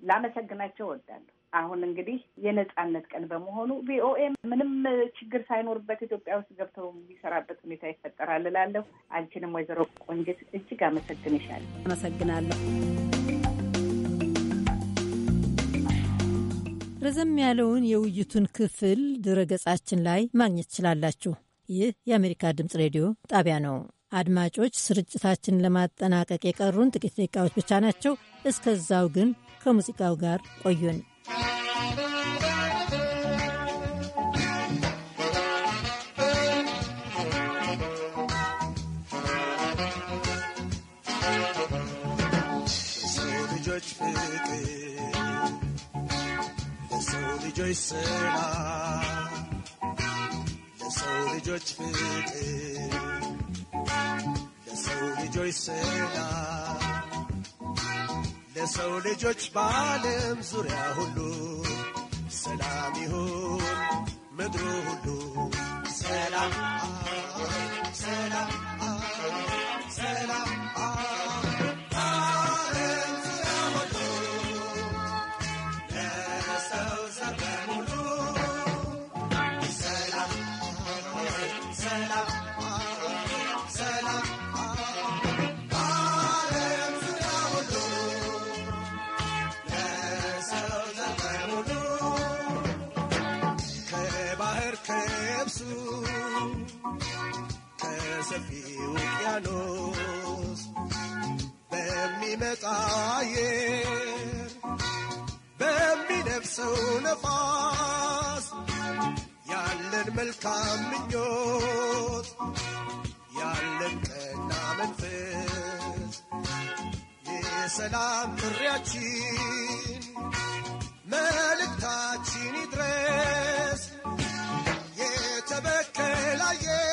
ላመሰግናቸው እወዳለሁ። አሁን እንግዲህ የነጻነት ቀን በመሆኑ ቪኦኤ ምንም ችግር ሳይኖርበት ኢትዮጵያ ውስጥ ገብተው የሚሰራበት ሁኔታ ይፈጠራል እላለሁ። አንቺንም ወይዘሮ ቆንጅት እጅግ አመሰግንሻለሁ። አመሰግናለሁ። ረዘም ያለውን የውይይቱን ክፍል ድረገጻችን ላይ ማግኘት ትችላላችሁ። ይህ የአሜሪካ ድምፅ ሬዲዮ ጣቢያ ነው። አድማጮች፣ ስርጭታችን ለማጠናቀቅ የቀሩን ጥቂት ደቂቃዎች ብቻ ናቸው። እስከዛው ግን ከሙዚቃው ጋር ቆዩን። Joyce ለሰው ልጆች ፍቅር፣ ለሰው ልጆች ሰላም፣ ለሰው ልጆች በዓለም ዙሪያ ሁሉ ሰላም ይሁን ምድሩ ሁሉ ሰላም ሰላም ሊባኖስ በሚመጣ አየር በሚነፍሰው ነፋስ ያለን መልካም ምኞት ያለን ቀና መንፈስ የሰላም ጥሪያችን መልእክታችን ይድረስ የተበከለ አየር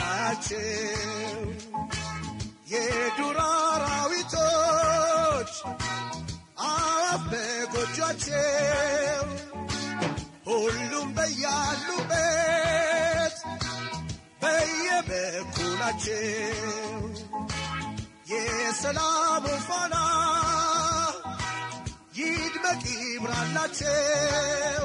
ናቸው የዱር አራዊቶች አዋፍ በጎጆቸው ሁሉም በያሉበት በየበኩላቸው የሰላሙ ፋና ይድመቅ ይብራላቸው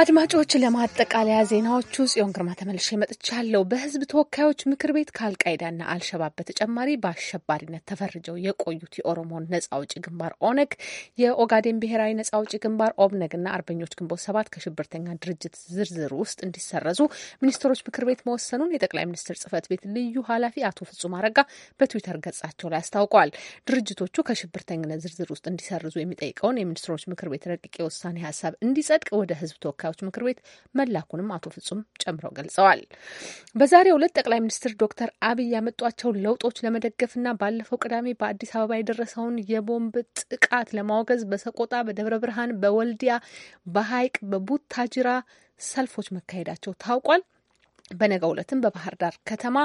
አድማጮች ለማጠቃለያ ዜናዎቹ ጽዮን ግርማ ተመልሼ መጥቻለሁ። በህዝብ ተወካዮች ምክር ቤት ከአልቃይዳና አልሸባብ በተጨማሪ በአሸባሪነት ተፈርጀው የቆዩት የኦሮሞ ነጻ አውጪ ግንባር ኦነግ፣ የኦጋዴን ብሔራዊ ነጻ አውጪ ግንባር ኦብነግና አርበኞች ግንቦት ሰባት ከሽብርተኛ ድርጅት ዝርዝር ውስጥ እንዲሰረዙ ሚኒስትሮች ምክር ቤት መወሰኑን የጠቅላይ ሚኒስትር ጽህፈት ቤት ልዩ ኃላፊ አቶ ፍጹም አረጋ በትዊተር ገጻቸው ላይ አስታውቀዋል። ድርጅቶቹ ከሽብርተኝነት ዝርዝር ውስጥ እንዲሰርዙ የሚጠይቀውን የሚኒስትሮች ምክር ቤት ረቂቅ የውሳኔ ሀሳብ እንዲጸድቅ ወደ ሕዝብ ተወካዮች ምክር ቤት መላኩንም አቶ ፍጹም ጨምረው ገልጸዋል። በዛሬው ዕለት ጠቅላይ ሚኒስትር ዶክተር አብይ ያመጧቸውን ለውጦች ለመደገፍና ባለፈው ቅዳሜ በአዲስ አበባ የደረሰውን የቦምብ ጥቃት ለማውገዝ በሰቆጣ፣ በደብረ ብርሃን፣ በወልዲያ፣ በሀይቅ፣ በቡታጅራ ሰልፎች መካሄዳቸው ታውቋል። በነገው ዕለትም በባህር ዳር ከተማ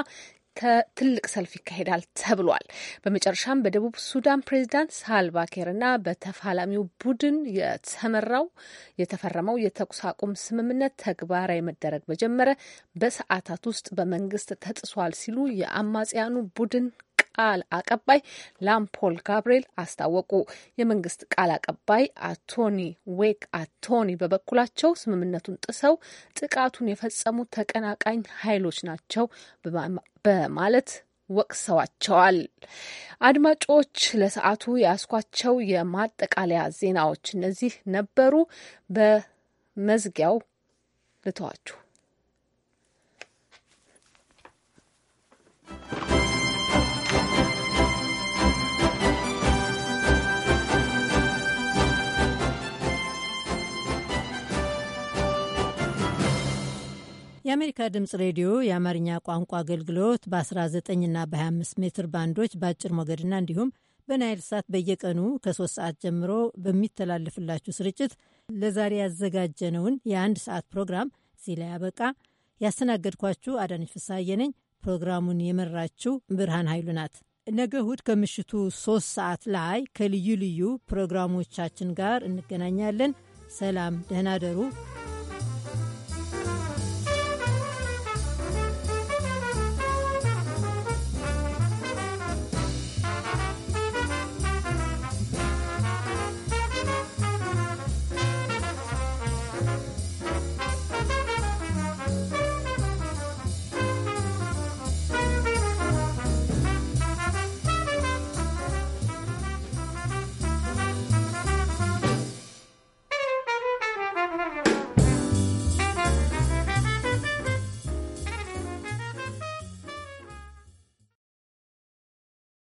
ትልቅ ሰልፍ ይካሄዳል ተብሏል። በመጨረሻም በደቡብ ሱዳን ፕሬዚዳንት ሳልቫኪርና በተፋላሚው ቡድን የተመራው የተፈረመው የተኩስ አቁም ስምምነት ተግባራዊ መደረግ በጀመረ በሰዓታት ውስጥ በመንግስት ተጥሷል ሲሉ የአማጽያኑ ቡድን ቃል አቀባይ ላምፖል ጋብርኤል አስታወቁ። የመንግስት ቃል አቀባይ አቶኒ ዌክ አቶኒ በበኩላቸው ስምምነቱን ጥሰው ጥቃቱን የፈጸሙ ተቀናቃኝ ኃይሎች ናቸው በማለት ወቅሰዋቸዋል። አድማጮች ለሰዓቱ የያስኳቸው የማጠቃለያ ዜናዎች እነዚህ ነበሩ። በመዝጊያው ልተዋችሁ። የአሜሪካ ድምፅ ሬዲዮ የአማርኛ ቋንቋ አገልግሎት በ19 እና በ25 ሜትር ባንዶች በአጭር ሞገድና እንዲሁም በናይል ሳት በየቀኑ ከሶስት ሰዓት ጀምሮ በሚተላለፍላችሁ ስርጭት ለዛሬ ያዘጋጀነውን የአንድ ሰዓት ፕሮግራም እዚህ ላይ ያበቃ። ያስተናገድኳችሁ አዳነች ፍስሐዬ ነኝ። ፕሮግራሙን የመራችው ብርሃን ኃይሉ ናት። ነገ እሁድ ከምሽቱ ሶስት ሰዓት ላይ ከልዩ ልዩ ፕሮግራሞቻችን ጋር እንገናኛለን። ሰላም፣ ደህና ደሩ።